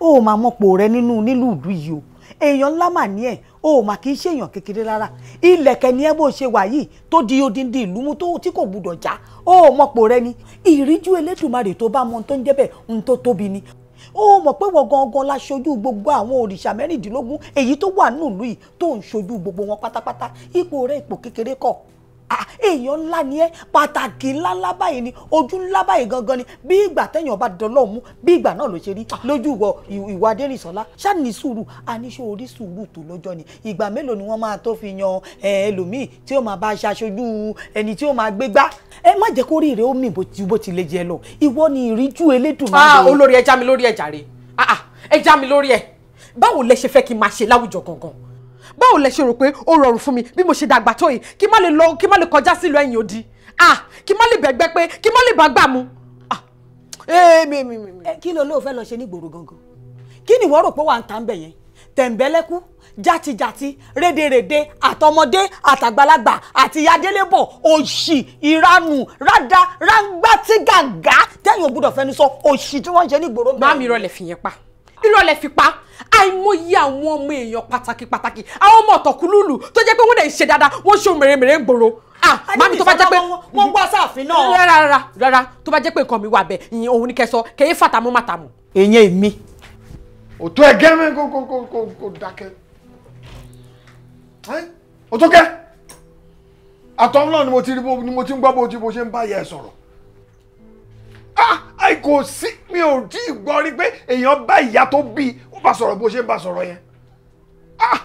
[SPEAKER 4] ó máa mọ́pò rẹ nínú nílùú ìlú yìí o èèyàn ńlá mà ní ẹ̀ o ò mà kì í ṣèèyàn kékeré rárá ilẹ̀kẹ̀ ni ẹ bó ṣe wà yìí tó di odindi ìlú mú tó tí kò gbúdọ̀ já o ò mọ̀pọ̀ rẹ ni ìríjú elédùnmarè tó bá mọ tó ń jẹ́ bẹ́ẹ̀ ohun tó tóbi ni ó mọ̀ pé wọ́n gangan la ṣojú gbogbo àwọn òrìṣà mẹ́rìndínlógún èyí tó wà nùlú yìí tó ń ṣojú gbogbo wọn pátápátá ipò rẹ ipò kékeré kọ́ èèyàn ńlá ni ẹ pàtàkì ńlá ńlá báyìí ni ojú ńlá báyìí gangan ni bí ìgbà téèyàn bá dọlọ́ọ̀ mú bí ìgbà náà ló ṣe rí ah. lójú ìwọ ìwà adérìnsọ́lá ṣáàní sùúrù àníṣe orí sùúrù tó lọ́jọ́ ni ìgbà mélòó ni wọ́n máa tó fi yan ẹlòmíì tí ó máa bá aṣa aṣojú ẹni tí ó máa gbé gbá ẹ má jẹ́ kó rí ìrẹ́ omi bó ti lè jẹ lọ ìwọ ni ìríjú elédùnmáà. Ah, olórí ẹ já mi lórí ẹ jàre ẹ já mi lórí ẹ báwo máa ṣe láwùjọ báwo lẹ ṣe rò pé ó rọrùn fún mi bí mo ṣe dàgbà tó yìí kí má lè lọ kí má lè kọjá sílùú ẹ̀yìn òdi ah kí má lè bẹ̀gbẹ́ pé kí má lè bá mu ah ee eh, mi mi mi. Eh, kí ló lóò fẹ́ lọ ṣe ní ìgboro gangan kí ni ìwọ rò pé wà ń ta ń bẹ̀ yẹn tẹ̀m̀bẹ́lẹ́kú játijàti rédèrèdè àtọmọdé àtàgbàlagbà àti adélébọ̀ òṣì ìranù rádá ráńgbá tí gàgá tẹ́yìn ògbúdọ̀ fẹ́ni sọ òṣì tí wọ́n ń ṣe ní ìgboro. má mi rọlẹ̀ fìyẹn pa irọ́ lẹ fi pa àìmọye àwọn ọmọ èèyàn pàtàkì pàtàkì àwọn ọmọ ọ̀tọ̀kúlùlù tó jẹ́ pé wọ́n dẹ̀ ń ṣe dáadáa wọ́n ṣe mèremère ń gbòòrò ah mami tó bá jẹ́ pé wọ́n gbọ́ sáàfin náà rárá rárá rárá tó bá jẹ́ pé nǹkan mi wà bẹ́ẹ̀ ìyẹn òun ni kẹsọ kẹyẹ fàtàmú
[SPEAKER 5] màtàmú.
[SPEAKER 1] èèyàn èmi. òtún ẹgẹ
[SPEAKER 5] mi kò kò kò kò kò dákẹ́ òtún kẹ àtọ náà ni mo ti ń gbọ́ bó ti bó ṣe ń bá yẹ sọ̀rọ̀ ah àì kò sí mi ò tí ì gbọ́ rí pé èèyàn bá ìyá tó bí ó bá sọ̀rọ̀ bó ṣe ń bá sọ̀rọ̀ yẹn ah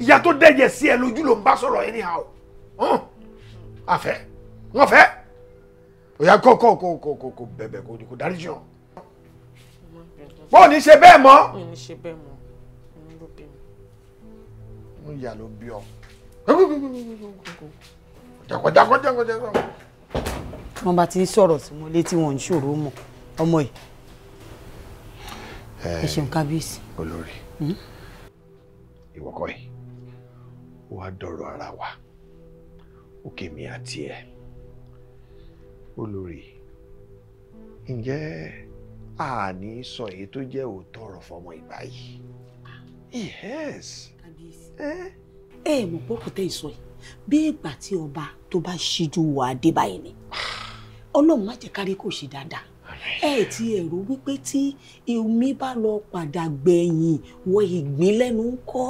[SPEAKER 5] ìyá tó dẹ̀jẹ̀ sí ẹ lójú ló ń bá sọ̀rọ̀ yẹn anyhow àfẹ́ wọ́n fẹ́ òyà kò kò kò kò kò kò bẹ̀bẹ̀ kò kò dárí jù
[SPEAKER 1] bọ́ọ̀ ní ṣe bẹ́ẹ̀ mọ́.
[SPEAKER 5] ní ṣe bẹ́ẹ̀ mọ́ ló bí mi. ń yà ló bí
[SPEAKER 4] wọ́n bá ti ń sọ̀rọ̀ sí mo létí wọn ò ń ṣòro mọ̀ ọmọ yìí. ẹ ṣeun kábíyèsí. olórí hmm?
[SPEAKER 5] ìwọ́kọ̀ yìí ó dọ̀rọ̀ ara wa òkè mi àti ẹ olórí ǹjẹ́ àní sọ èyí tó jẹ́ òótọ́ ọ̀rọ̀ fọmọ ìgbà yìí. yes.
[SPEAKER 4] kábíyèsí ẹ mọ̀ pé kò tẹ́ ìsọ yìí bí ìgbà tí ọba
[SPEAKER 5] tó bá ṣíjú
[SPEAKER 4] wà á dé báyìí ni. Ah ọlọ́run má jẹ́ kárí kò ṣe dáadáa ẹ ti ẹ̀rọ wípé tí omi bá lọ padà gbẹ̀yìn wọ ìgbín lẹ́nu ń kọ́.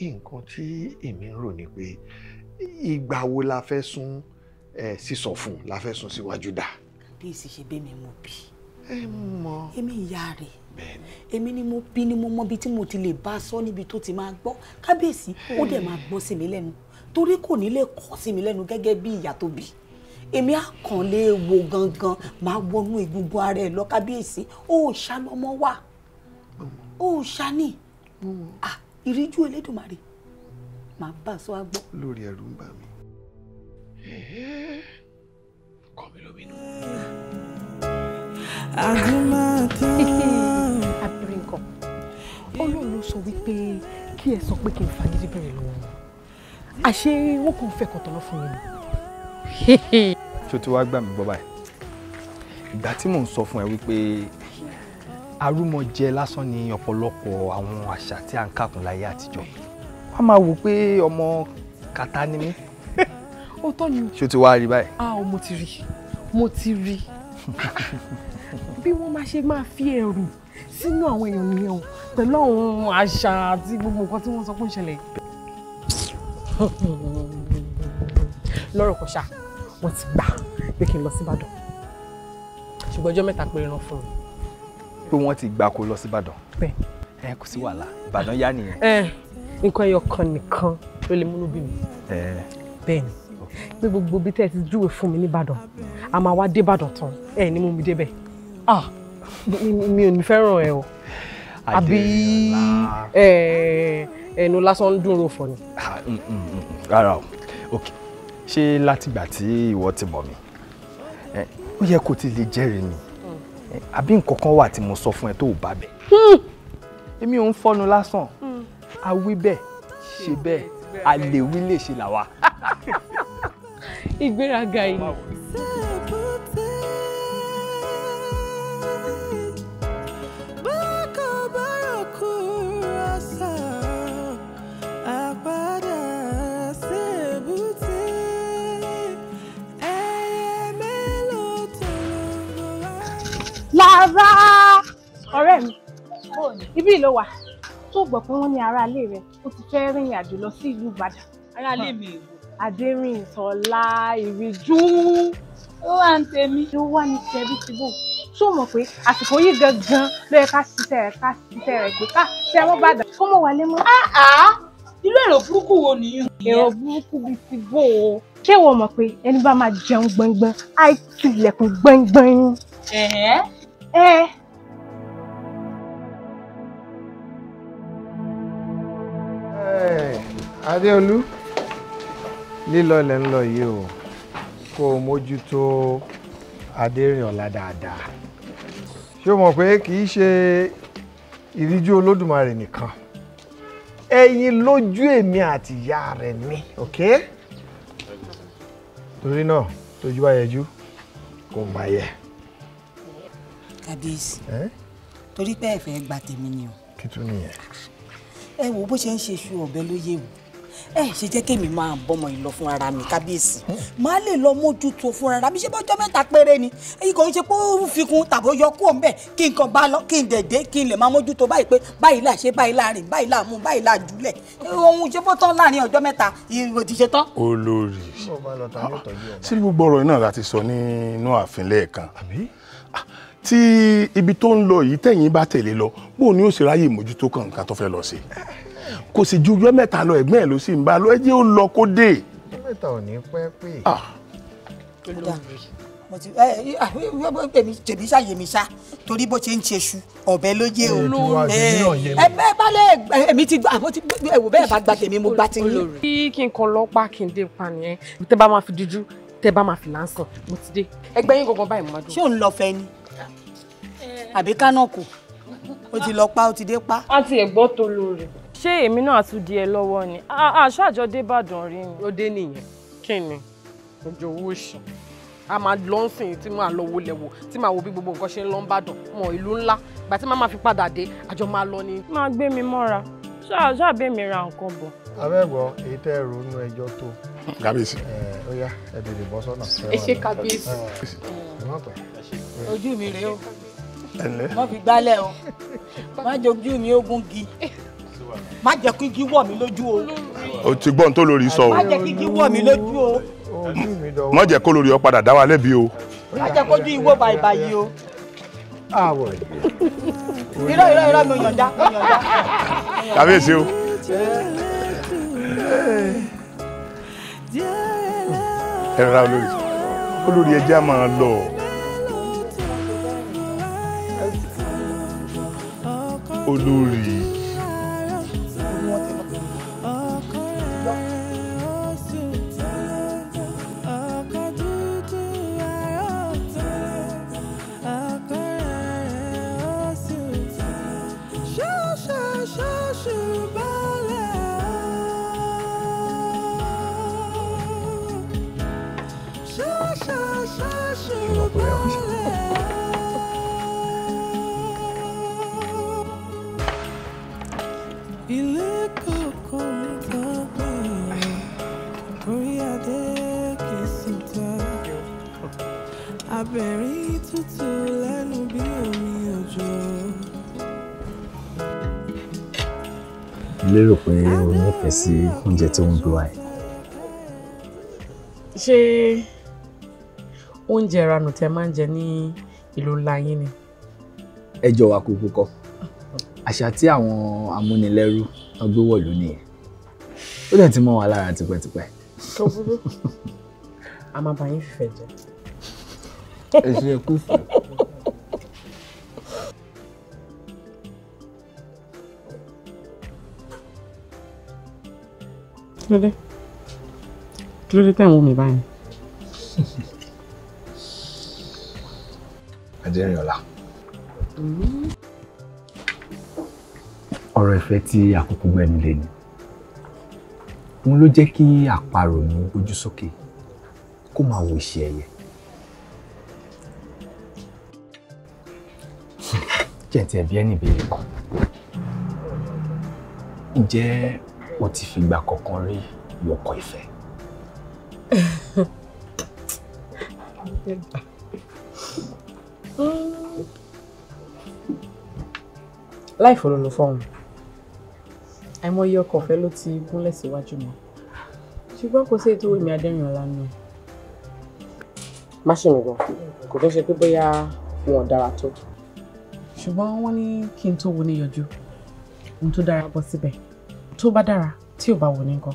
[SPEAKER 5] nǹkan tí èmi ń rò ni pé ìgbà wo la fẹ́ sún sísọ fún la fẹ́ sún síwájú dà.
[SPEAKER 4] kábíyèsí ṣe bẹ́ẹ̀ mi mo bí. ẹ mọ. èmi ìyá rẹ̀ èmi ni mo bí ni mo mọ ibi tí mo ti lè bá a sọ níbi tó ti máa gbọ́ kábíyèsí ó dẹ̀ máa gbọ́ sí mi lẹ́nu torí kò ní lè kọ́ sí mi lẹ́nu gẹ́gẹ́ bí ìyá tó bí èmi àkànlé wo gangan máa wọnú egungun ara ẹ lọ kábíyèsí ó ṣá lọmọ wà ó ṣá ní ìríjú elédùnmarè máa bá a sọ àgbọ.
[SPEAKER 5] lórí ẹ̀rù ń bà mí
[SPEAKER 2] kọ́ mi lóminú. àbúrò
[SPEAKER 4] nǹkan ọlọ́run ló sọ wípé kí ẹ sọ pé kí n fagídí bẹ̀rẹ̀ lọ́wọ́ àṣé wọn kàn fẹ́ kọ̀tọ̀ lọ mi
[SPEAKER 1] ni. tó ti wá gbà mí gbọ́ báyìí ìgbà tí mò ń sọ fún ẹ wípé arúmọjẹ lásán ni ọ̀pọ̀lọpọ̀ àwọn àṣà tí à ń kà kún láyé àtijọ́ wọ́n máa wò pé ọmọ kàtá ni mí. ó tọ́ ni. ṣé ti wá rí báyìí. a ò mo ti rí mo ti rí
[SPEAKER 4] bí wọ́n máa ṣe máa fi ẹ̀rù sínú àwọn èèyàn nìyẹn o pẹ̀lú àwọn àṣà àti gbogbo nǹkan tí wọ́n sọ pé ń ṣẹlẹ̀. lọ́rọ̀ kọ́ṣà wọ́n ti gbà pé kí n lọ sí Ìbàdàn ṣùgbọ́n ọjọ́ mẹ́ta péré rán fún mi.
[SPEAKER 1] pé wọ́n ti gbà kó lọ sí Ìbàdàn.
[SPEAKER 4] bẹ́ẹ̀ ẹ
[SPEAKER 1] kò sí wàhálà Ìbàdàn yá
[SPEAKER 2] nìyẹn.
[SPEAKER 4] ẹ nǹkan ẹyọ kan nìkan ló lè múnú bí mi. bẹ́ẹ̀ ni pé gbogbo bí tẹ́ ẹ ti júwe fún mi nìbàdàn a máa wá débàdàn tán ẹ ní mú mi débẹ̀ ah mi ò ní fẹ́ràn ẹ o àbí ẹnu lásán dùn ro fọ ni.
[SPEAKER 1] Ah, mm, mm, mm, rárá o okay ṣé látìgbà tí ìwọ ti mọ̀ mi ó yẹ kó ti lè jẹ́rìí mi àbí nǹkan kan wà tí mo sọ fún ẹ tó ò bá bẹ̀. Hmm. èmi ò ń fọnu lásán hmm. awí bẹ́ẹ̀ ṣe bẹ́ẹ̀ àlèwí lè ṣe làwa.
[SPEAKER 4] ìgbéraga yìí. ibi ìlò wà tó gbọ́ pé wọ́n ní aráalé rẹ̀ ó ti fẹ́ rìnrìn àjò lọ sí ìlú Ìbàdàn. aráalé mi èwo. Adérìntọ́lá ìrìjú ó wà ń tèmi. ló wà ní tẹbí ti bò tó mọ̀ pé àsìkò yìí gangan ló yẹ ká ṣiṣẹ́ rẹ̀ ká ṣiṣẹ́ rẹ̀ pé ká ṣe wọ́n bá dà kó mọ̀ wà lé mọ́. Ah, ah. irú èrò burúkú wo nìyẹn. èrò burúkú bíi ti bò ó. ṣé wọ́n mọ̀ pé ẹni bá máa jẹun gbọ̀ngbọ̀n á tilẹ̀kùn gbọ̀ngbọ̀n yín.
[SPEAKER 5] Adéolú lílọ ilẹ̀ ń lọ yìí o kó o mójútó Adérìnọ̀lá dáadáa ṣé o mọ̀ pé kì í ṣe ìríjú Olódùmarè nìkan ẹyin lójú èmi àti ìyá rẹ ni ok torí náà tójú bá yẹjú kò má yẹ.
[SPEAKER 4] Kábíyèsí torí pé ẹ fẹ́ gba tèmi ni o. kí tún nìyẹn ẹ wo bó ṣe ń ṣe iṣu ọ̀bẹ ló yé wò ẹ ṣe jẹ́ kémi máa bọ́mọ ìlọ fún ara mi kábíyèsí máa lè lọ mójútó fún ara mi ṣé bọ́jọ́ mẹ́ta péré ni èyí kò ń ṣe pé ó fi kún tàbí ó yọ kúrò ń bẹ̀ kí nǹkan bá lọ kí n dẹ̀dẹ̀ kí n lè máa mójútó báyìí pé báyìí là ṣe báyìí là rìn báyìí là mú báyìí là jùlẹ̀ ohun ṣe bọ́tán láàrin ọjọ́ mẹ́ta ìwò ti ṣe tán.
[SPEAKER 1] olórí sí gbogbo ọ̀rọ̀ náà láti sọ nínú ààfin lẹ́ẹ̀kan tí ibi tó ń lọ yìí tẹ̀yìn bá tẹ̀lé lọ bó ni ó sì ráyè mójútó kankan tó fẹ́ lọ sí kò sì ju ọjọ́ mẹ́ta lọ ẹ̀gbọ́n ẹ̀ ló sì ń bá lọ ẹ jẹ́ ó lọ kó dé.
[SPEAKER 5] mẹ́ta ò ní pẹ́
[SPEAKER 3] pé.
[SPEAKER 4] mo ti ẹ ẹ tèmi ṣá yèmi ṣá torí bó ṣe ń ṣe ṣu ọ̀bẹ ló yé o
[SPEAKER 3] ẹ
[SPEAKER 4] bẹ́ẹ̀ bá lẹ èmi ti gbà ẹ̀wò bẹ́ẹ̀ bá gba tèmi mo gba ti yín. kí kí n kan lọ pa kí n dé pa nìyẹn tẹ bá máa fi dúdú tẹ bá máa fi láǹsàn mo ti dé ẹgbẹ́ yín gangan báyìí mo máa dùn. ṣé òun lọ fẹ́ ni àbí kánàkù ó ti lọ pa ó ti dé pa. a ti ẹ̀ gbọ́ tó lóore. ṣé èmi náà tún di ẹ lọ́wọ́ ni àṣàjọ dé Ìbàdàn rí ni. ó dé nìyẹn kí ni òjò owó ṣì a máa lọ ń sìn tí màá lọ wọlé wò tí màá wo bí gbogbo nǹkan ṣe ń lọ ń bàdàn mọ ìlú ńlá ìgbà tí màá máa fi padà dé àjọ máa lọ ni. máa gbé mi mọ́ra ṣáà ṣáà bẹ́ẹ̀ mi ra nǹkan bọ̀.
[SPEAKER 5] abẹ́gbọ́ èyí tẹ́ ẹ̀rù inú ẹjọ́ tó kábíyèsí. ó yá ẹ bèrè bọ́ sọ́nà. ẹ ṣe kábíyèsí.
[SPEAKER 4] ojú mi rèé o má fi gbálẹ̀ o má jojú mi ogun gi
[SPEAKER 6] má jẹ́ kí igi wọ̀ mí lójú o.
[SPEAKER 1] o ti gbọ́n tó lórí sọ o. má jẹ́ kí igi wọ̀ mí lójú o. má jẹ́ kó lórí ọ padà dá wa lẹ́bi o.
[SPEAKER 3] má jẹ́ kójú ìwọ bàìbàì o. irọ́ irọ́ irọ́ mi ò yọ̀ǹda ò yọ̀ǹda. kábíyèsí o.
[SPEAKER 1] ẹ rà olórí olórí ẹ jẹ́ àmọ́ lọ. olórí. nífẹ̀ẹ́ sí oúnjẹ tí wọ́n gbé wá yìí.
[SPEAKER 4] ṣé oúnjẹ ìranù tẹ máa ń jẹ ní ìlú ńlá yín ni.
[SPEAKER 1] ẹ jọ wá kúkú kọ àṣà tí àwọn amúnilẹ́rú lọ gbé wọ̀lú nìyẹn ó dẹ̀ ti mọ́ wa lára tipẹ́tipẹ́.
[SPEAKER 4] tó burú a máa bá yín fìfẹ́ jẹ.
[SPEAKER 3] ẹ ṣe é kú fún un.
[SPEAKER 4] ló dé kí ló dé tẹ̀ ń wò mí báyìí.
[SPEAKER 1] adẹ́rìnọ̀la ọ̀rọ̀ ìfẹ́ tí àkókò gbẹ̀mí lé ni òun ló jẹ́ kí àparò mi ojú sókè kó máa wo ìṣe ẹyẹ. jẹ́ ǹtí ẹ̀bí ẹ̀ kan ǹjẹ́ o ti fìgbà kankan rí yọkọ ìfẹ́.
[SPEAKER 4] láìfò ló lò fọhùn àìmọye ọkọ ọ̀fẹ́ ló ti gúnlẹ̀ síwájú mi ṣùgbọ́n kò sí ètò èmi adẹ́rìn ọ̀la nù. má ṣe mi gan kò tó ṣe pé bóyá wọn ò dára tó. ṣùgbọ́n wọ́n ní kí n tó wo ní yọjú ohun tó dára bọ́ síbẹ̀ tó bá dára tí ò bá wù ní nǹkan.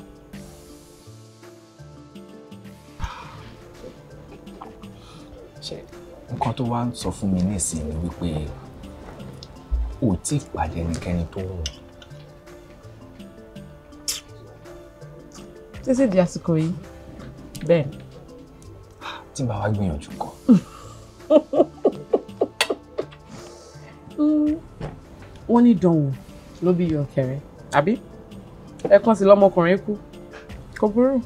[SPEAKER 1] nǹkan tó wá ń sọ fún mi nísìnyí ni wípé ò tí ì pàdé ẹnikẹ́ni tó wù.
[SPEAKER 4] títí di àsìkò yìí
[SPEAKER 1] bẹ́ẹ̀. tí bá wa gbìyànjú kọ.
[SPEAKER 4] wọ́n ní dánwò ló bí yọ ọ̀kẹ́rẹ́ àbí ẹ̀kan sì lọ́mọkùnrin kú kò burú.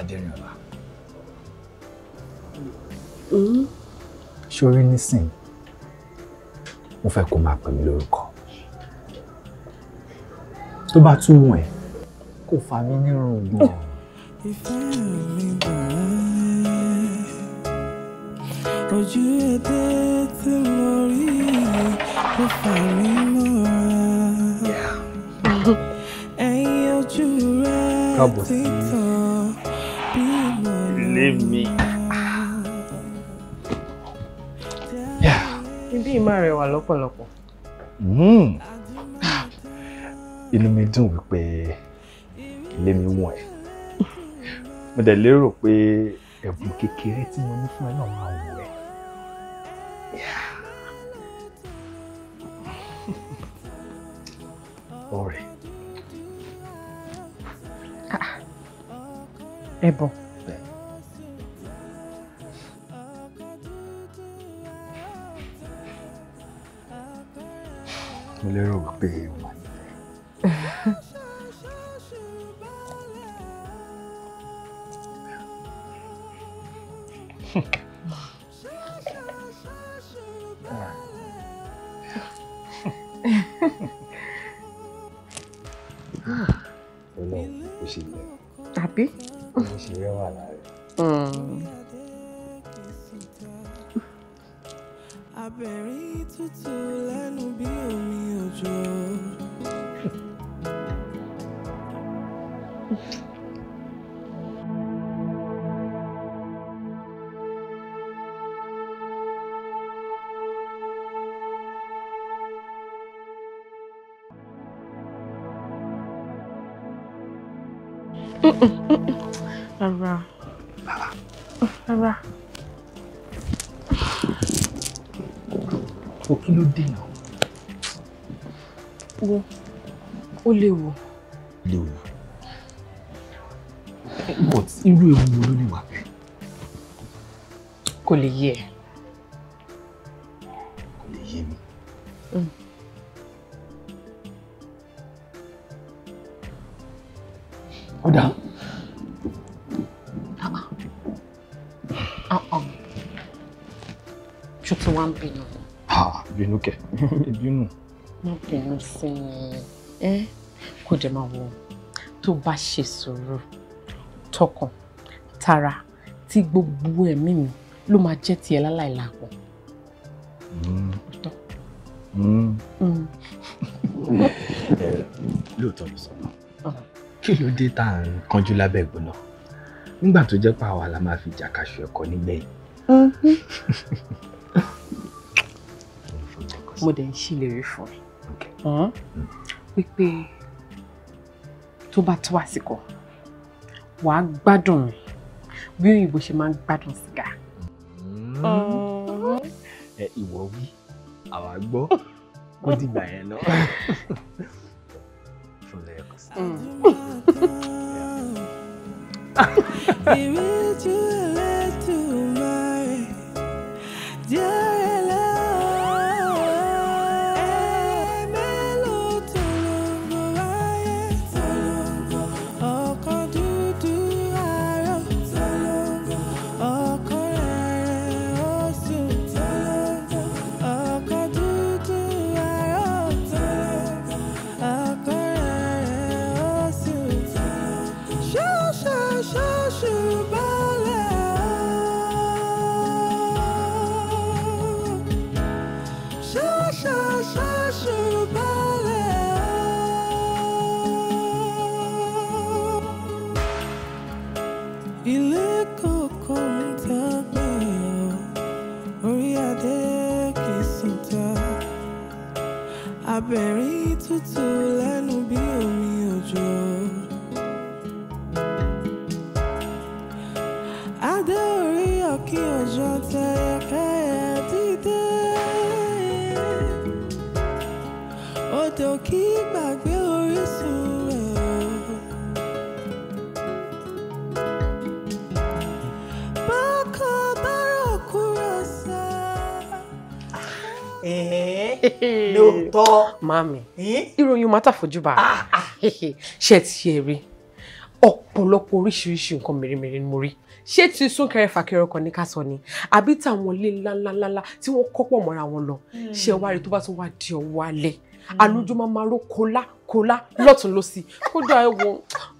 [SPEAKER 1] Adérìnọlá hmm? ṣorí nísìn mo fẹ́ kó máa pè mí lórúkọ tó bá tún mú ẹ
[SPEAKER 2] kó fa mí nírun gbọ́n. ìfẹ́ mi bò. ojú èdè tí mo rí ló fà mí mọ́ra ẹ̀yìn ojú rẹ̀ ti tàn bí mo lè mọ́.
[SPEAKER 4] ibi ìmọ̀ rẹ̀ wà lọ́pọ̀lọpọ̀.
[SPEAKER 1] Hmm. inú mi dùn wípé ilé mi wọ̀n ẹ́ mo dẹ̀ lérò pé ẹ̀bùn kékeré tí mo ní fún ẹ náà máa wù
[SPEAKER 3] ẹ́.
[SPEAKER 4] ẹbọ.
[SPEAKER 5] mo lérò wípé
[SPEAKER 2] abẹ̀rín tútù lẹ́nu
[SPEAKER 3] bí omi òjò.
[SPEAKER 2] Rárá. Rárá.
[SPEAKER 1] sọ kí ló dé náà.
[SPEAKER 4] wo ó léwu.
[SPEAKER 1] léwu but irú ewu wo ló lè wà kò lè yé ẹ.
[SPEAKER 4] sí i kò dẹ̀ máa wọ̀ tó bá ṣe sùúrù tọkàn tara tí gbogbo ẹ̀mí mi ló máa jẹ́ tiẹ̀ láláìláàpọ̀.
[SPEAKER 3] Mm. Mm. Mm.
[SPEAKER 1] Eh, lóòótọ́ ló sọ ah. kí ló dé tá à ń kánjú lábẹ́ ìgbóná nígbà tó jẹ́ pé àwa la máa fi jàkàṣù ẹ̀kọ́ nígbẹ̀yìn. Mm-hmm. mo dẹ̀ ń
[SPEAKER 4] ṣèlérí fún ẹ wípé tó bá tó àsìkò wàá gbádùn rẹ̀ bí òyìnbó ṣe máa ń gbádùn sìgá.
[SPEAKER 1] ẹ ìwọ wí àwa gbọ́
[SPEAKER 2] kó dìgbà yẹn lọ. Yeah.
[SPEAKER 4] màmí ìròyìn má tàfojú bá ah, ah. ṣe ti ẹ rí ọ̀pọ̀lọpọ̀ oríṣiríṣi nǹkan mèremère ni mo rí ṣé ti súnkẹrẹ fàkẹrẹ ọkọ̀ ní ká sọ ni àbí táwọn ilé ńláńláńlá tí wọ́n kọ́pọ̀ mọ́ra wọn lọ hmm. ṣé wá rí tó bá tún wá di ọwọ́ alẹ́ hmm. àlùjọ máa máa ró kólá kólá lọ́tún lọ́sì kódà ẹ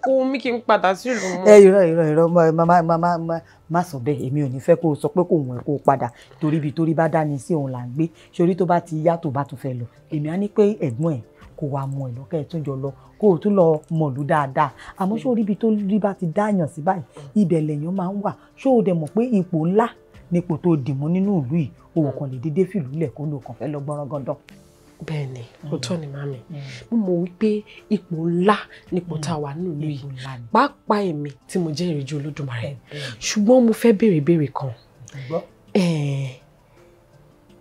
[SPEAKER 4] kó mi kí n padà sílùú mọ́. ẹ eh, irọ́ irọ́ irọ́ màmá màmá má sọ bẹ́ẹ̀ èmi ò ní fẹ́ kó o sọ pé kò wọ̀n kó o padà torí ibi torí bá dání sí òun là ń gbé sórí tó bá ti yá tó bá tún fẹ́ lọ èmi á ní pé ẹ̀gbọ́n ẹ̀ kò wá mọ ẹ̀ lọ́kẹ́ ẹ̀ tún jọ lọ kó o tún lọ mọ̀lú dáadáa àmọ́ sórí ibi tó rí bá ti dáyàn sí báyìí ibẹ̀ lèèyàn máa ń wà ṣó o dẹ̀ mọ̀ pé ipò ńlá nípò tó dìmú nínú ìlú yìí òwò kan lè dédé fìlú lẹ̀ kó lóò kàn fẹ́ lọ gbọ́nrán bẹ́ẹ̀ ni mm. òótọ́ ni màmí mm. mo mọ̀ wípé ipò ńlá nípò tá a wà nílùú mm. yìí pàápàá èmi tí mo jẹ́ ìrìnjú olódùmarè ṣùgbọ́n mo fẹ́ béèrè béèrè kan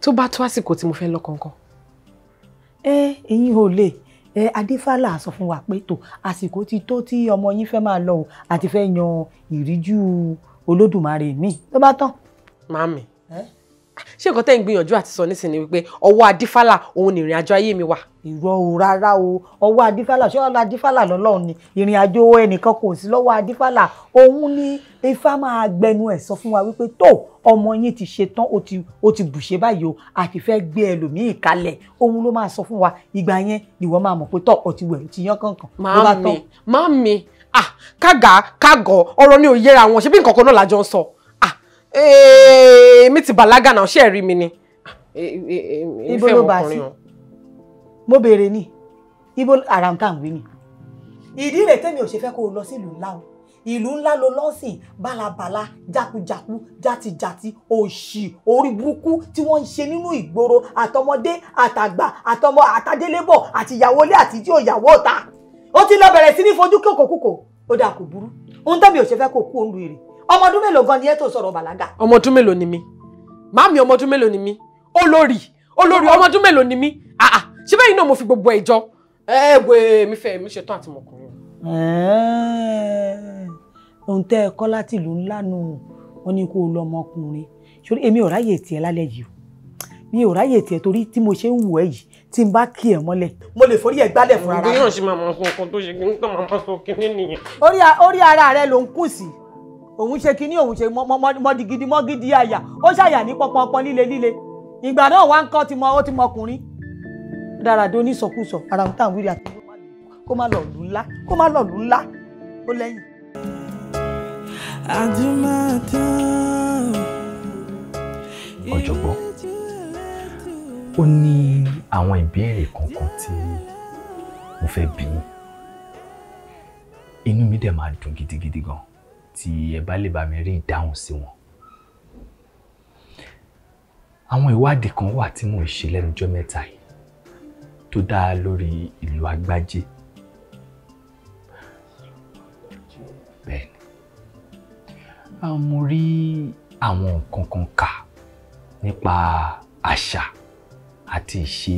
[SPEAKER 4] tó bá tó àsìkò tí mo fẹ́ lọ́kọ̀ọ̀kan. ẹ ẹ̀yin ò lè ẹ adéfàlà sọ fún wa pé tó àsìkò ti tó tí ọmọ yín fẹ́ máa lọ o àti fẹ́ yan ìríjú olódùmarè mi tó bá tán. màmí. Eh? ṣé nǹkan tẹ́ ń gbìyànjú àti sọ nísìnyí wípé ọwọ́ adífálà òun nìrìn àjò ayé mi wà. ìrọ̀ ò rárá o ọwọ́ adífálà ṣé ọlọ́ adífálà lọ́lọ́run ni ìrìn àjò ẹnìkan kò sí lọ́wọ́ adífálà òun ni ifá máa gbẹnu ẹ̀ sọ fún wa wípé tó ọmọ yín ti ṣe tán ó ti bùṣe báyìí o àti fẹ́ gbé ẹlòmíì kalẹ̀ òun ló máa sọ fún wa ìgbà yẹn ìwọ máa mọ̀ pé tọ̀ ọtí wẹ̀ ti yán kankan ló bá tán. màámi ah kága kágọ ọ̀rọ̀ ni ò yẹra wọn ṣe bí nǹkan kan náà la ń sọ èmi ti bàlágà náà ṣe rí mi ni. ibo ló bá sí mo béèrè ni ibo ara ń tàn wí ni. ìdí rẹ̀ tẹ́mi ò ṣe fẹ́ kó o lọ sílùú ńlá o ìlú ńlá ló lọ́sìn bálabàla jákujàku játijàti òṣì orí burúkú tí wọ́n ń ṣe nínú ìgboro àtọmọdé àtàgbà àtọmọ àtàdélébọ̀ àtìyàwólé àti tí òyàwó ta ó ti lọ bẹ̀rẹ̀ sí ní fojú kòkòkòkò ó dà kò burú ohun tẹ́mi ò ṣe fẹ́ kó o kú òǹlù èrè ọmọ ọdún mélòó gan ni ẹ tó sọ̀rọ̀ bàlágà. ọmọ ọdún mélòó ni mí màámi ọmọ ọdún mélòó ni mí olórí olórí ọmọ ọdún mélòó ni mí àà ah, ah, ṣé bẹ́ẹ̀ náà mo fi gbogbo ẹ̀ jọ ẹ wo èmi fẹ́ mi ṣetán àti mọ̀kùnrin. ohun tẹ́ ẹ kọ́ láti ìlú ńlá nù wọ́n ní kó o lọ ọmọkùnrin ṣorí èmi ò ráyè tiẹ̀ lálẹ́ yìí mi ò ráyè tiẹ̀ torí tí mo ṣe ń wù ẹ́ yìí tí n bá kí ẹ mọ́lẹ̀. mo lè forí ẹ gbálẹ̀ fún ara rẹ. bí yóò
[SPEAKER 2] ṣe máa mọ sọ nǹkan tó ṣe kí n tó máa mọ sọ kí nínú yẹn.
[SPEAKER 4] orí ara rẹ ló ń kùn sí òun ṣe kinní òun ṣe mọ́digidi mọ́gidi àyà ó ṣàyà ní pọnpọnpọn líle líle ìgbà náà wá ń kọ́ ti mọ ó ti mọ ọkùnrin dáradó ní ìsọkúsọ ara ń tàn wíri àti kó má lọ̀lú ńlá kó má lọ̀lú ńlá
[SPEAKER 2] ó lẹ́yìn. ọ̀jọ̀gbọ́n ó
[SPEAKER 1] ní àwọn ìbéèrè kankan tí mo fẹ́ bi inú mi dẹ̀ máa dùn gidigidi gan-an tí ẹ bá lè bá mi rí ìdáhùn sí wọn. àwọn ìwádìí kan wà tí mò ń ṣe lẹ́nujọ́ mẹ́ta yìí tó dá lórí ìlú agbájé.
[SPEAKER 6] bẹ́ẹ̀ni mo rí
[SPEAKER 1] àwọn nǹkan kan kà nípa àṣà àti ìṣe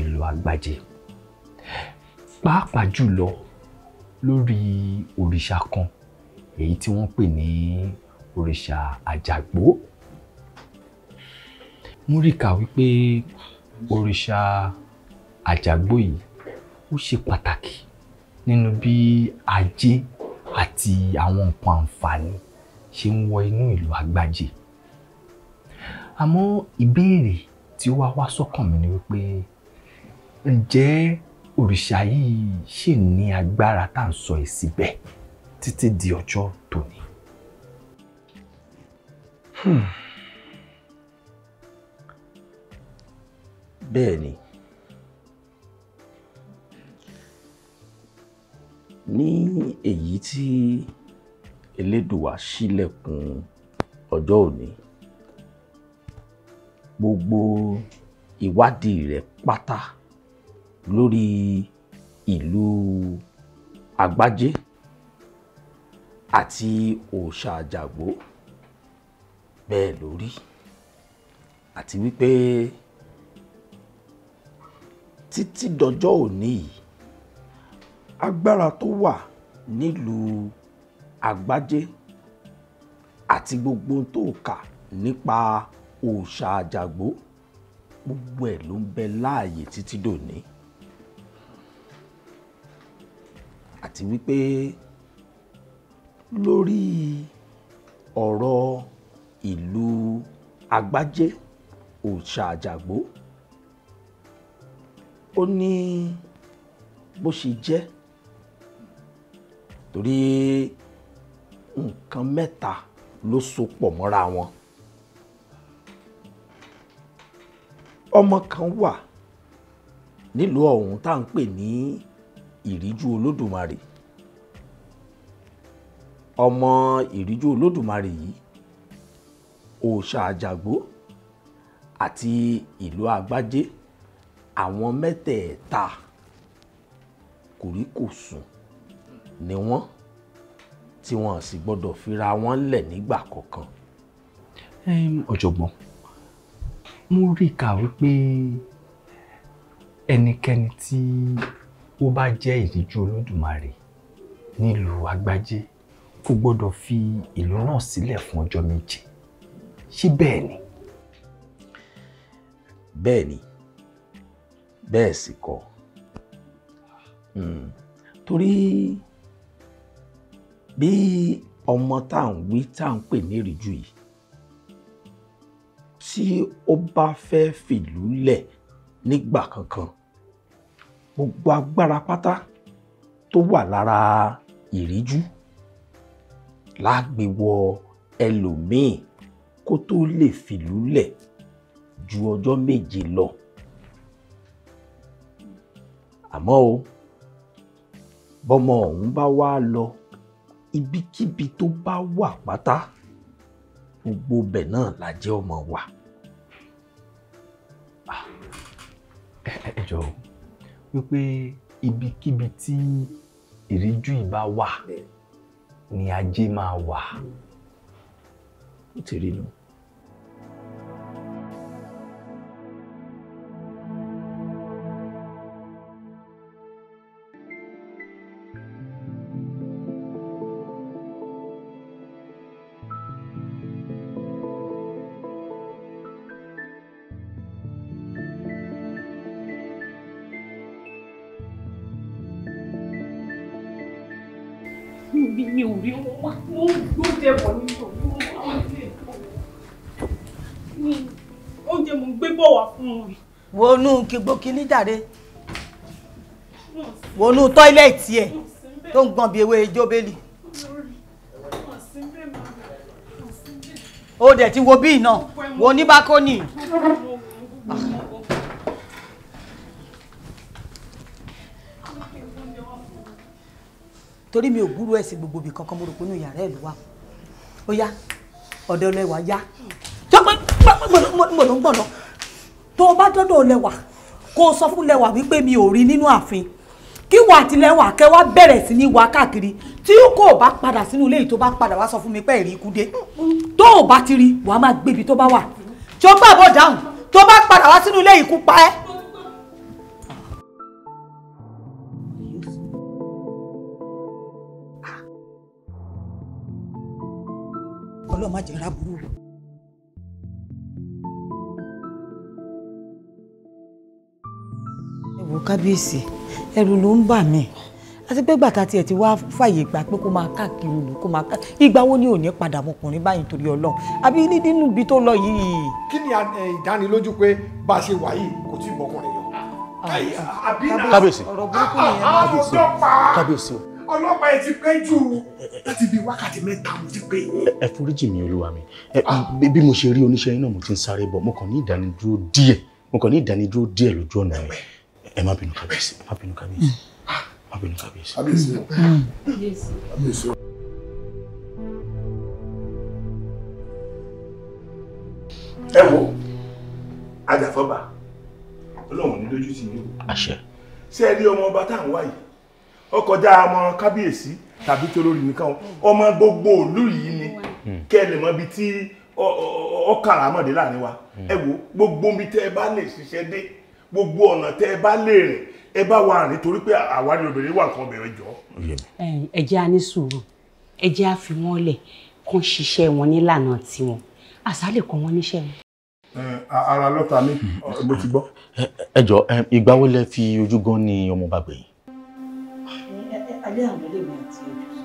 [SPEAKER 1] ìlú agbájé pàápàá jùlọ lórí òrìṣà kan èyí tí wọ́n pè ní òrìṣà àjàgbó múríkà wípé òrìṣà àjàgbó yìí ó ṣe pàtàkì nínú bí ajé àti àwọn nǹkan àǹfààní ṣe ń wọ inú ìlú àgbájé àmọ́ ìbéèrè tí ó wá wá sọ́kàn mi ni wípé ǹjẹ́ òrìṣà yìí ṣì ní agbára tá à ń sọ yìí síbẹ̀ títí di ọjọ́ tòní. Hmm. bẹ́ẹ̀ ni ní èyí tí Elédùwà ṣílẹ̀kùn ọjọ́ òní gbogbo ìwádìí rẹ̀ pátá lórí ìlú Àgbájé àti òòṣà àjàgbó bẹ́ẹ̀ lórí àti wípé títí dọjọ́ òní yìí agbára tó wà nílùú àgbájé àti gbogbo tó kà nípa òòṣà àjàgbó gbogbo ẹ̀ ló ń bẹ láàyè títí dòní àti wípé
[SPEAKER 3] lórí
[SPEAKER 1] ọ̀rọ̀ ìlú àgbájé òòṣà àjàgbó ó ní bó ṣe jẹ́ torí nǹkan mẹ́ta ló so pọ̀ mọ́ra wọn ọmọ kan wà nílùú ọ̀hún tá à ń pè ní ìríjú olódùmarè ọmọ ìríjú olódùmarè yìí òòṣà àjàgbó àti ìlú àgbájé àwọn mẹ́tẹ̀ẹ̀ta kòríkòsùn ni wọ́n tí wọ́n sì gbọ́dọ̀ fira wọn lẹ̀ nígbà kankan. ọ̀jọ̀gbọ́n mo rí i kà wípé ẹnikẹ́ni tí ó bá jẹ́ ìríjú olódùmarè nílùú àgbájé kò gbọ́dọ̀ fi ìlú náà sílẹ̀ fún ọjọ́ méje ṣé bẹ́ẹ̀ ni. bẹ́ẹ̀ ni bẹ́ẹ̀ sì kọ́ hmm. torí bí ọmọ tá à ń wí tá à ń pè ní ìrìjú yìí tí ó bá fẹ́ fìlú lẹ̀ nígbà kankan gbogbo agbára pátá tó wà lára ìrìjú. E lágbèwọ ẹlòmíì kó tó lè fìlú lẹ̀ ju ọjọ́ méje lọ àmọ́ o bọ́mọ ọ̀hún bá wá lọ ibikíbi tó bá wà pátá gbogbo bẹ̀ náà la jẹ́ ọmọ wa. ẹ wípé ibikíbi tí ìríjú ìbá wà. Yeah ni ajé máa wà ó
[SPEAKER 4] mi mi ò rí owó wá mo oúnjẹ bọ̀ ní mi
[SPEAKER 3] ò rí owó wá oúnjẹ bọ̀
[SPEAKER 4] mi oúnjẹ mo ń gbé bọ̀ wá fún mi. wọnú kígbó kínní jàre wọnú tọ́ílẹ̀tì ẹ̀ tó ń gbọ̀n bí ewé jóbélì. ó dẹ̀ ti wo bíi náà wo ní bákónì. torí mi ò gbúrú ẹ̀ sí gbogbo ibì kankan mo rò pé inú yàrá ẹ̀ ló wà ó yá ọ̀dọ̀ ọlẹ́wà yá jọ pé gbọ̀nàgbọ̀nà tó o bá dọ́dọ̀ ọlẹ́wà kó o sọ fún lẹ́wà wípé mi ò rí nínú ààfin kí wà á ti lẹ́wà kẹ́ wá bẹ̀rẹ̀ sí ní wá káàkiri tí kò bá padà sínú ilé yìí tó bá padà wá sọ fún mi pé ẹ̀rí ikú dé tó o bá ti rí wàá máa gbébi tó bá wà jọ gbàgbọ́ dáhùn tó bá padà wá sínú ilé yìí kú pa ẹ́. kọ́lọ̀ má jẹ́ rábùrú. ẹ wo kábíyèsí ẹrù ló ń bà mí àti pé gbàtà tiẹ̀ ti wá fàyè gbà pé kó máa káàkiri ìlú kó máa káàkiri ìgbà wo ni ò ní padà ọmọkùnrin báyìí torí ọlọ́run àbí nínú ibi
[SPEAKER 5] tó lọ yìí. kí ni eh, ìdánilójú pé bá a ṣe wà yìí kò tí ì bọ́kùnrin yọ.
[SPEAKER 1] Ah, ah, ah, kábíyèsí kábíyèsí kábíyèsí ọlọ́pàá ẹ ti pẹ́
[SPEAKER 6] jù láti bíi wákàtí mẹ́ta mo ti pé.
[SPEAKER 1] ẹ foríjì mi olúwa mi bí mo ṣe rí oníṣẹ́ yín náà mo ti ń sáré bọ̀ mo kàn ní ìdánidúró díẹ̀ mo kàn ní ìdánidúró díẹ̀ lójú ọ̀nà mi ẹ má bínú kábíyèsí má bínú kábíyèsí má bínú kábíyèsí. kábíyèsí kábíyèsí. ẹ wo àjàfọ́ba ọlọ́run ní lójú ti yín o. àṣẹ. ṣé ẹ rí ọmọ ọba tá à ń wá yìí ó kọjá ọmọ kábíyèsí tàbí tolórí nìkan ọmọ gbogbo ìlú yìí ni hmm. kẹ́ ẹ lè mọ ibi tí ọkàrà mọ̀dé láàrin wa hmm. ẹ wo gbogbo ibi tẹ́ ẹ bá lè ṣiṣẹ́ dé gbogbo ọ̀nà tẹ́ ẹ bá lè rìn ẹ bá wa rìn torí pé àwárí obìnrin wà nǹkan bẹ̀rẹ̀ jọ.
[SPEAKER 4] ẹ a ní sùúrù ẹ jẹ́ a fi wọ́n lẹ̀ kán ṣiṣẹ́ wọn nílànà tiwọn àṣálẹ̀
[SPEAKER 1] kọ́ wọn níṣẹ́ wọn. ara lọ́ta mi mo ti gbọ́. ẹ jọ ìgbà wo lẹ fi ojú gan ni ọmọ bàgbẹ́ yìí
[SPEAKER 4] alẹ́ àná lèmi àti ẹjọ́ sọ.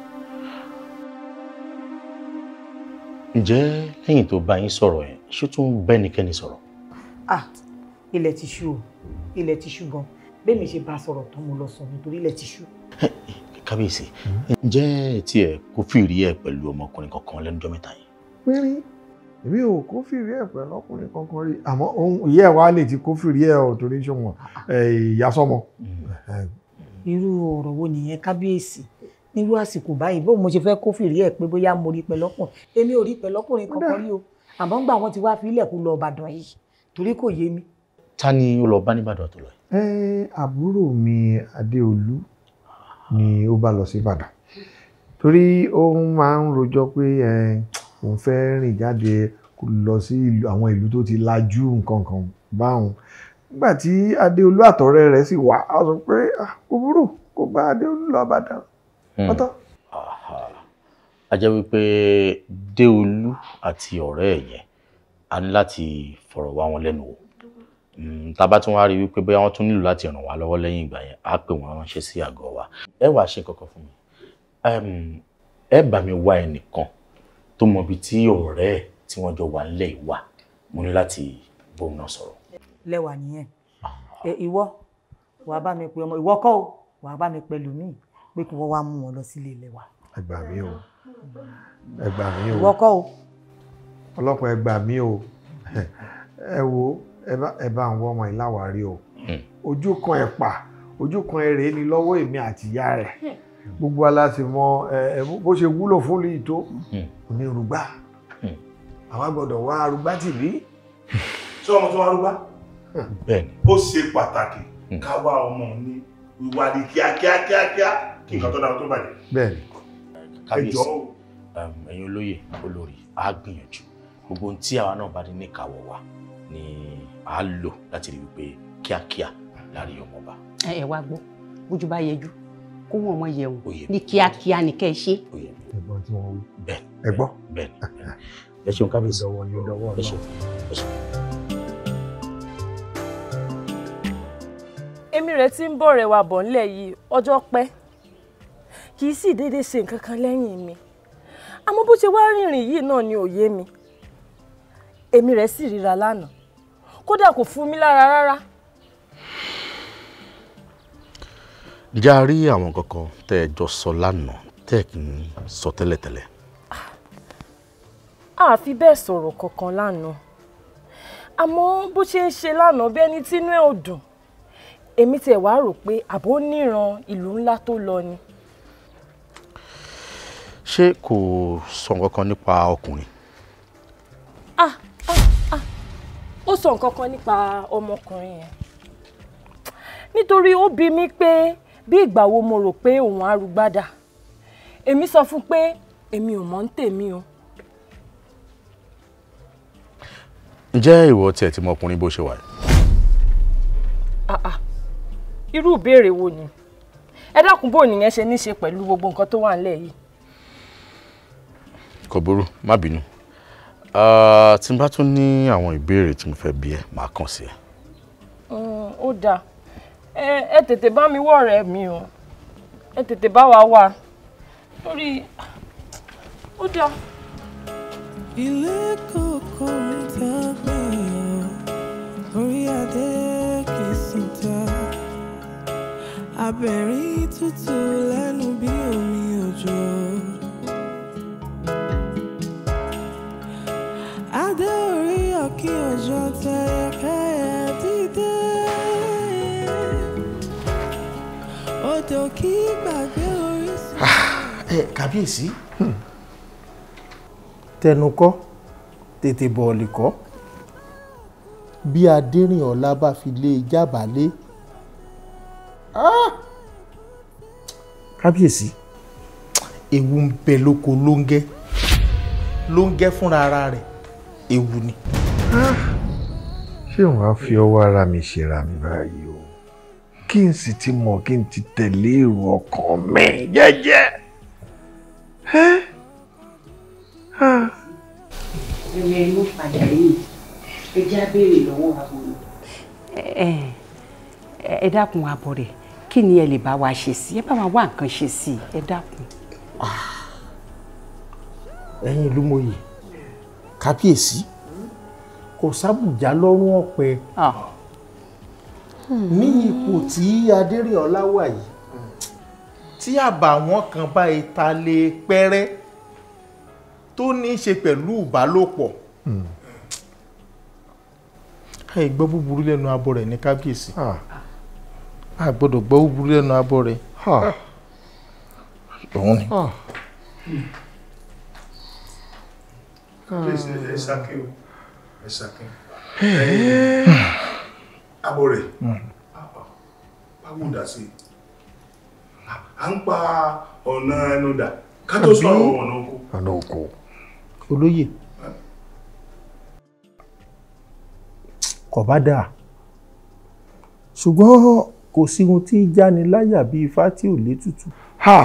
[SPEAKER 1] ǹjẹ́ lẹ́yìn tó bá yín sọ̀rọ̀ yẹn ṣé tún bẹ́nikẹ́ni sọ̀rọ̀.
[SPEAKER 4] ah ilẹ̀ ti ṣú o ilẹ̀ ti ṣú gan bẹ́ẹ̀mi ṣe bá a sọ̀rọ̀ tó mo lọ sọ nítorí ilẹ̀ ti ṣú.
[SPEAKER 1] kábíyèsí ǹjẹ́ tí ẹ kó fìrí ẹ pẹ̀lú ọmọkùnrin kankan lẹ́nujọ́ mẹ́ta yìí.
[SPEAKER 5] pínrín èmi ò kó fìrí ẹ pẹ̀lú ọkùnrin kankan rí àmọ́ ìyá ẹ wa lè ti kó fìrí ẹ ọ̀ torí ṣọmọ
[SPEAKER 4] irú ọ̀rọ̀ wo nìyẹn kábíyèsí nírú àsìkò báyìí bóun mo ṣe fẹ́ kó fìrí ẹ̀ pé bóyá mo rí pẹ̀lọ́kùn èmi ò rí pẹ̀lọ́kùnrin kankan rí o àmọ́ ńgbà wọn ti wá fi ilẹ̀kùn lọ Ìbàdàn yìí torí kò yé mi.
[SPEAKER 1] ta ni ó lọ bá nìbàdàn tó lọ
[SPEAKER 5] yìí. ẹ àbúrò mi Adéolú ni ó bá lọ sí Ìbàdàn torí ó máa ń rojọ́ pé ẹ òun fẹ́ rìn jáde lọ sí àwọn ìlú tó ti lajú nǹkan kan báwọn nígbà tí adéolú àtọ̀rẹ́ rẹ̀ sì wà á sọ pé kò burú kò bá adéolú lọ àbàdàn hmm.
[SPEAKER 3] pátá.
[SPEAKER 1] a jẹ́ wípé déolú àti ọ̀rẹ́ ẹ̀ yẹn a ní láti fọ̀rọ̀ wá wọn lẹ́nu wò hmm, tá a bá tún wá rí wípé bóyá wọ́n tún nílò láti ràn wá lọ́wọ́ lẹ́yìn ìgbà yẹn á pè wọ́n ránṣẹ́ sí àgọ́ wa ẹ wàá ṣe kankan fún mi ẹ bá mi wá ẹnìkan tó mọbi tí ọ̀rẹ́ tí wọ́n jọ wà ńlẹ̀ yìí wà mo ní láti bóun náà sọ̀rọ̀
[SPEAKER 4] lẹ́wà nìyẹn ìwọ wàá bá mi pe ọmọ ìwọ kọ́ o wàá bá mi pẹ̀lú mi pé kí wọ́n wá mú wọn lọ sílé lẹ́wà.
[SPEAKER 5] ẹ gbà mí o ẹ gbà mí o ìwọ kọ́ o. ọlọ́pàá ẹ gbà mí o ẹ wo ẹ bá ń wọ ọmọ ìláwárí o hmm. ojú kan ẹ pa ojú kan ẹ rèé ni lọ́wọ́ èmi àtìyá rẹ̀ hmm. gbogbo aláṣẹ ẹ bó ṣe wúlò fún lè tó hmm. onírúgbà àwa gbọ́dọ̀ wá
[SPEAKER 1] arúgbá tìbí sọ ọmọ tó wá arúgbá bẹ́ẹ̀ni. ó ṣe pàtàkì ká wá ọmọ ní ìwádìí kíákíá kíákíá kí nǹkan tó dára tó bàjẹ́. bẹ́ẹ̀ni kábíyèsí um, ẹ̀yin olóyè olórí á gbìyànjú gbogbo ohun tí àwa náà bá ní níkàwọ́ wa ni à á lò láti rí wípé kíákíá láàrin ọmọọba.
[SPEAKER 4] ẹ wá gbọ́ bójú bá yẹjú kó wọn ọmọ yẹ̀wò ní kíákíá ní kẹ́ ẹ
[SPEAKER 3] ṣe.
[SPEAKER 1] ẹ̀gbọ́n tí wọ́n wí. bẹ́ẹ̀ ẹ̀gbọ́n. bẹ́ẹ̀ ẹ ṣeun kábíyèsí ọwọ́ ni ó
[SPEAKER 2] dọwọ́
[SPEAKER 4] èmi rẹ̀ ti ń bọ̀ rẹ̀ wà bọ̀ ńlẹ̀ yìí ọjọ́ pẹ́ kì í sì déédé ṣe nǹkan kan lẹ́yìn mi àmọ́ bó ṣe wá rìnrìn yìí náà ni òye mi èmi rẹ̀ sì ríra lánàá kódà kò fún mi lára rárá.
[SPEAKER 1] ǹjẹ́ a rí àwọn kankan tẹ́ ẹ jọ sọ lánàá tẹ́ ẹ kì í sọ tẹ́lẹ̀tẹ́lẹ̀.
[SPEAKER 4] a fi bẹ́ẹ̀ sọ̀rọ̀ kankan lánàá àmọ́ bó ṣe ń ṣe lánàá bẹ́ẹ̀ ni tínú ẹ̀ ò dùn èmi tiẹ̀ wá rò pé àbó níran ìlú ńlá tó lọ ni.
[SPEAKER 1] ṣé kò sọ nǹkan kan nípa ọkùnrin. ah
[SPEAKER 4] ah ah ó sọ nǹkan kan nípa ọmọkùnrin yẹn nítorí ó bi mí pé bí ìgbà wo mo rò pé òun arúgbádà èmi sọ fún pé èmi ò mọ̀ ń tèmi o.
[SPEAKER 1] ǹjẹ́ ìwọ tiẹ̀ ti mọ ọkùnrin bó ṣe wà
[SPEAKER 4] ah ah irú ìbéèrè wo ni ẹ dákun bó nìyẹn ṣe ní ṣe pẹ̀lú gbogbo nǹkan tó wà nílẹ̀ yìí.
[SPEAKER 1] kò burú má bínú tí n bá tún ní àwọn ìbéèrè tí mo fẹ́ bi ẹ́ máa kàn sí ẹ.
[SPEAKER 4] Mm, ó dáa ẹ tètè bá mi wọ̀ ọ̀rẹ́ mi o ẹ tètè bá wa wà
[SPEAKER 2] lórí ó dáa. ilé kòkó ń tẹ́ mi ò orí adé kìí sùn abẹ̀rín tútù lẹ́nu bí omi òjò. adé orí ọ̀kín òjò tẹ̀yẹ̀kẹ́yẹ dídé. odò kì í gbàgbé orísun. Ah, ẹ
[SPEAKER 1] kábíyèsí hmm. tẹnu tètè bọ̀ọ̀lì kọ́ bí adérìnọ̀lá bá fi lé e jábàálé. Ah! kábíyèsí ewu ń bẹ lóko lóńgẹ́ lóńgẹ́ fúnra ara rẹ̀ ewu ni.
[SPEAKER 3] Ah!
[SPEAKER 5] ṣé wọn á fi ọwọ́ ara mi ṣera mi báyìí o kí n sì ti mọ̀ kí n ti tẹ̀lé èrò ọkàn mi jẹ́jẹ́.
[SPEAKER 4] Ah! ẹ̀rẹ̀ inú padà yìí ẹ já béèrè lọ́wọ́ àbúrò. ẹ dákun àbọ̀ kí ni ẹ lè bá wa ṣe sí ẹ bá wa wá nǹkan ṣe sí ẹ dákun.
[SPEAKER 1] Ah, ẹ̀yin ìlú mòye kábíyèsí kò sábùjá lọ́rùn ọ̀pẹ ah.
[SPEAKER 3] hmm. ní ipò
[SPEAKER 1] tí adérèọlá wà yìí tí àbàwọ́n kan bá ìta lè pẹ́rẹ́ tó ní í ṣe pẹ̀lú ìbálòpọ̀ àìgbọ́ hmm. búburú lẹ́nu abọ́ rẹ̀ ní kábíyèsí. Ah a gbọ́dọ̀ gbọ́ wúburú lẹ́nu abọ́ rẹ̀ òun
[SPEAKER 3] ni.
[SPEAKER 5] please ẹ ṣàkíyò
[SPEAKER 1] ẹ ṣàkíyò hmm. abọ́ rẹ̀ báwo hmm. dà sí à ń pa ọ̀nà ẹnu dà ká tó sọ àwọn ọ̀nà oko. olóyè kò bá dáa ṣùgbọ́n kò sí ohun tí í jáni láyà bí ifá tí ò létùtù. ha.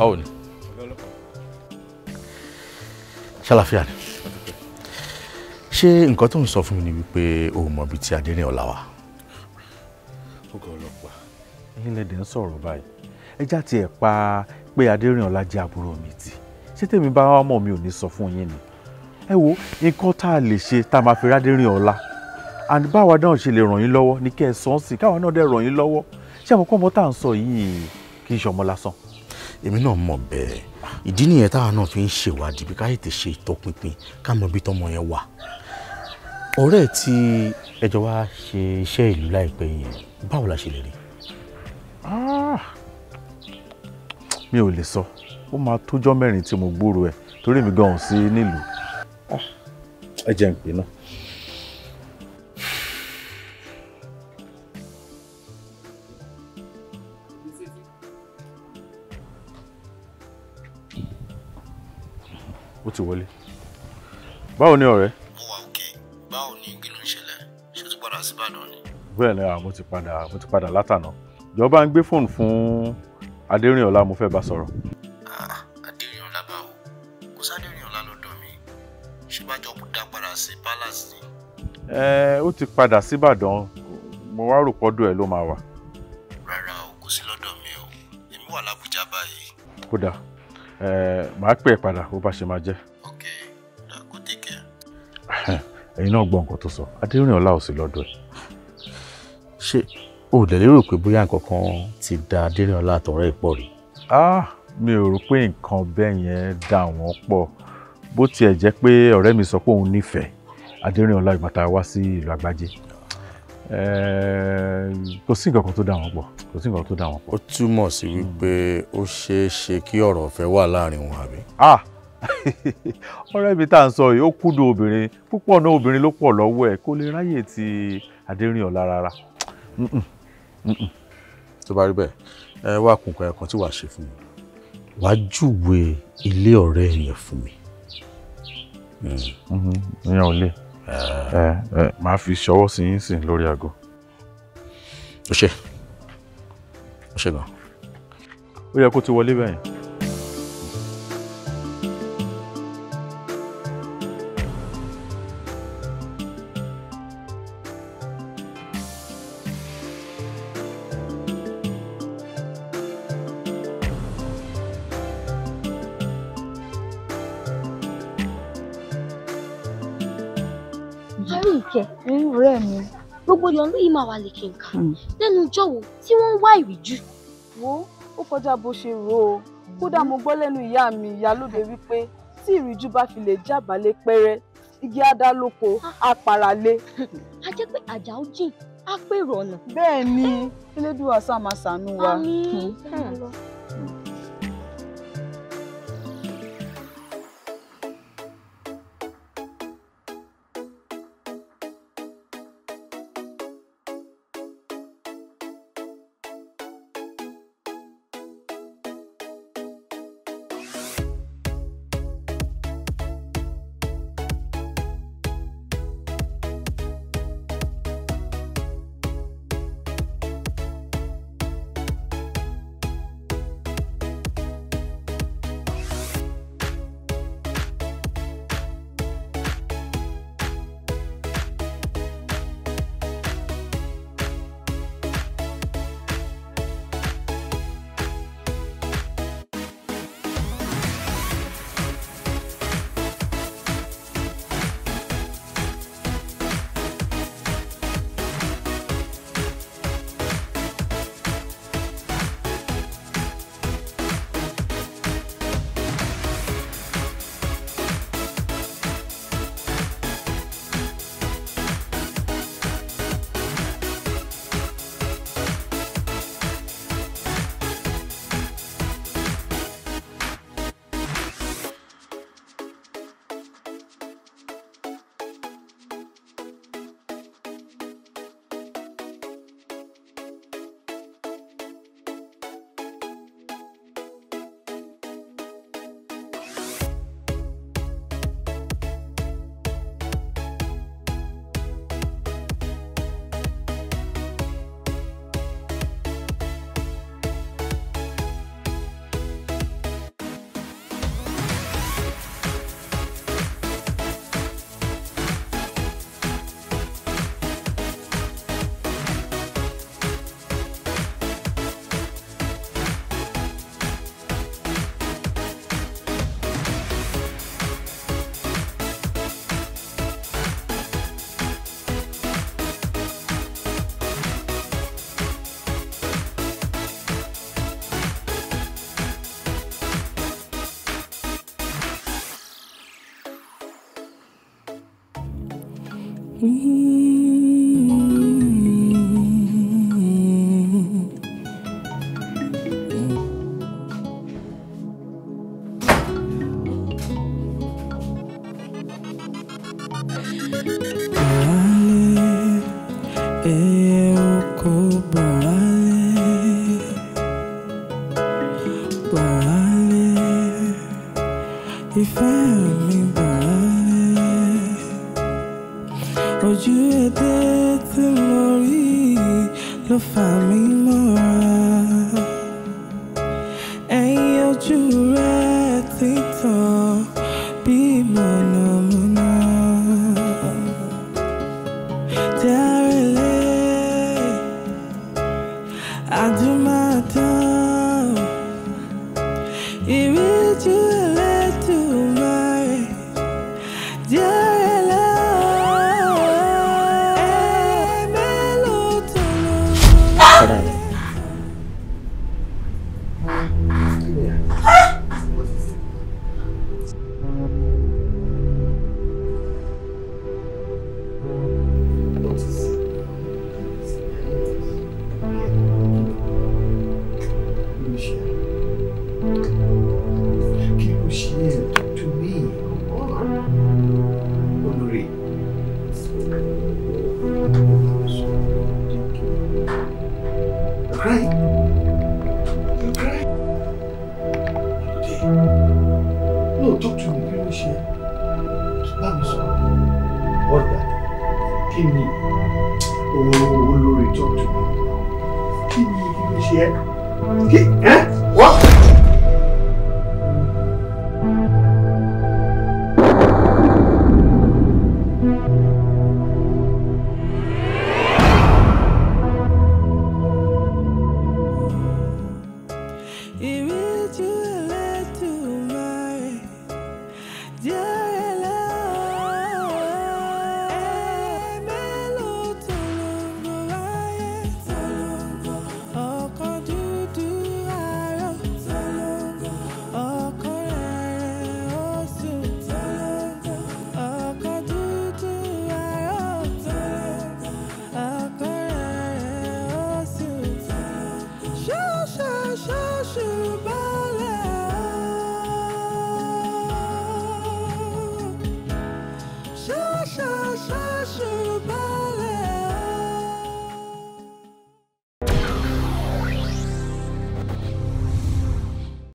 [SPEAKER 1] báwo ni. ṣàlàfíà ni ṣé nǹkan tó ń sọ fún mi ni wípé o mọ̀ ibi tí adẹ́rìn ọ̀la wà ẹ̀yin lẹ́dẹ̀ ń sọ̀rọ̀ báyìí ẹjá tiẹ̀ pa pé adérìnọlá jẹ́ àbúrò mi tì ṣé tèmi bá wà mọ̀ mi ò ní sọ fún yín ni ẹ wo nǹkan tá a lè ṣe tá a máa fi rádérìnọlá àní báwa náà ṣe lè ràn yín lọ́wọ́ ní kẹ́ ẹ sọ ọ́n sí káwa náà dẹ̀ ràn yín lọ́wọ́ ṣé àwọn kọ́mọ tá à ń sọ yìí kì í ṣọmọ lásán. èmi náà mọ̀ bẹ́ẹ̀ ìdí nìyẹn táwa náà fi ń ṣèwádìí bí káyé ti ṣe ìtọpinpin ká mọ ibi tọmọ yẹn wà. ọ̀rẹ́ tí ẹjọ́ wa ṣe iṣẹ́ ìlú láìpẹ́ yẹn báwo la ṣe lè rí Ah. mi ò lè sọ ó máa tójọ́ mẹ́rin tí mo gbúrò ẹ̀ torí mi gan-an sí nílùú. Ah. ẹ jẹ́ ń pè náà. ó ti wọlé báwo ni ọ̀rẹ́. mo wà òkè báwo ni kí ló ń ṣẹlẹ̀ padà sí Ìbàdàn ni. bẹ́ẹ̀ ni mo ti padà mo ti padà látàná jọba ń gbé fóònù fún adérìnọlá mo fẹ́ bá sọ̀rọ̀. adérìnọlá báwo kò sádérìnọlá lọ́dọ̀ mi ṣé bá jọ dá padà sí palace ni. ẹ ó ti padà síbàdàn mo wá rò pọ́dọ̀ ẹ̀ ló máa wà. rárá o kò sí lọ́dọ̀ mi o èmi wà lábújá báyìí. kódà ẹ màá pè é padà bó bá ṣe máa jẹ́. ok kò tẹ̀kẹ́. ẹ̀yin náà gbọ́ nǹkan tó sọ adérìnọlá ò sí lọ́dọ̀ ẹ̀. ṣé o ò dẹ̀ lérò pé bóyá nǹkan kan ti da Adérìnọlá àtọ̀rẹ́ ìpọ̀ rí. ah mi ò rò pé nǹkan bẹ́ẹ̀ yẹn dà wọ́n pọ̀ bó tiẹ̀ jẹ́ pé ọ̀rẹ́ mi sọ pé òun nífẹ̀ẹ́ Adérìnọlá ìgbàta wá sí ìlú àgbájé eh, kò sí nǹkan kan tó dà wọ́n pọ̀ kò sí nǹkan tó dà wọ́n pọ̀. ó túmọ̀ sí wípé ó ṣeé ṣe kí ọ̀rọ̀ ọ̀fẹ́ wà láàrin wọn àbí. ah ọ̀rẹ́ mi tá à ń sọ yìí ó kúndùn obìnrin púpọ̀ náà obìnrin ló pọ̀ lọ́wọ́ ẹ̀ kó lè ráyè ti Adérìnọlá rárá tó bá rí bẹ́ẹ̀ ẹ wá kùnkùn ẹ̀kan tí wàá ṣe fún mi wàá júwe ilé ọ̀rẹ́ yẹn fún mi. Mm-hmm. ìyẹn ò lè ah. máa fi ṣọwọ́ sí yín sìn lórí aago. ó ṣe ó ṣe gan. ó yẹ kó ti wọlé bẹ́ẹ̀ yẹn.
[SPEAKER 4] ìyọnú yìí máa wà lékè nǹkan lẹ́nu ọjọ́ wo tí wọ́n ń wá ìríjú. wo ó kọjá bó ṣe rò ó kódà mo gbọ́ lẹ́nu ìyá mi ìyálóde wípé tí ìríjú bá fi lè jábàálẹ̀ pẹ́rẹ́ igi adáloko
[SPEAKER 6] apàràlé. Ah. a jẹ́
[SPEAKER 4] pé àjà ó jìn á pèrò ọ̀nà. bẹ́ẹ̀ ni elédùn àṣà máa ṣàánú wa. àmín.
[SPEAKER 3] Hmm.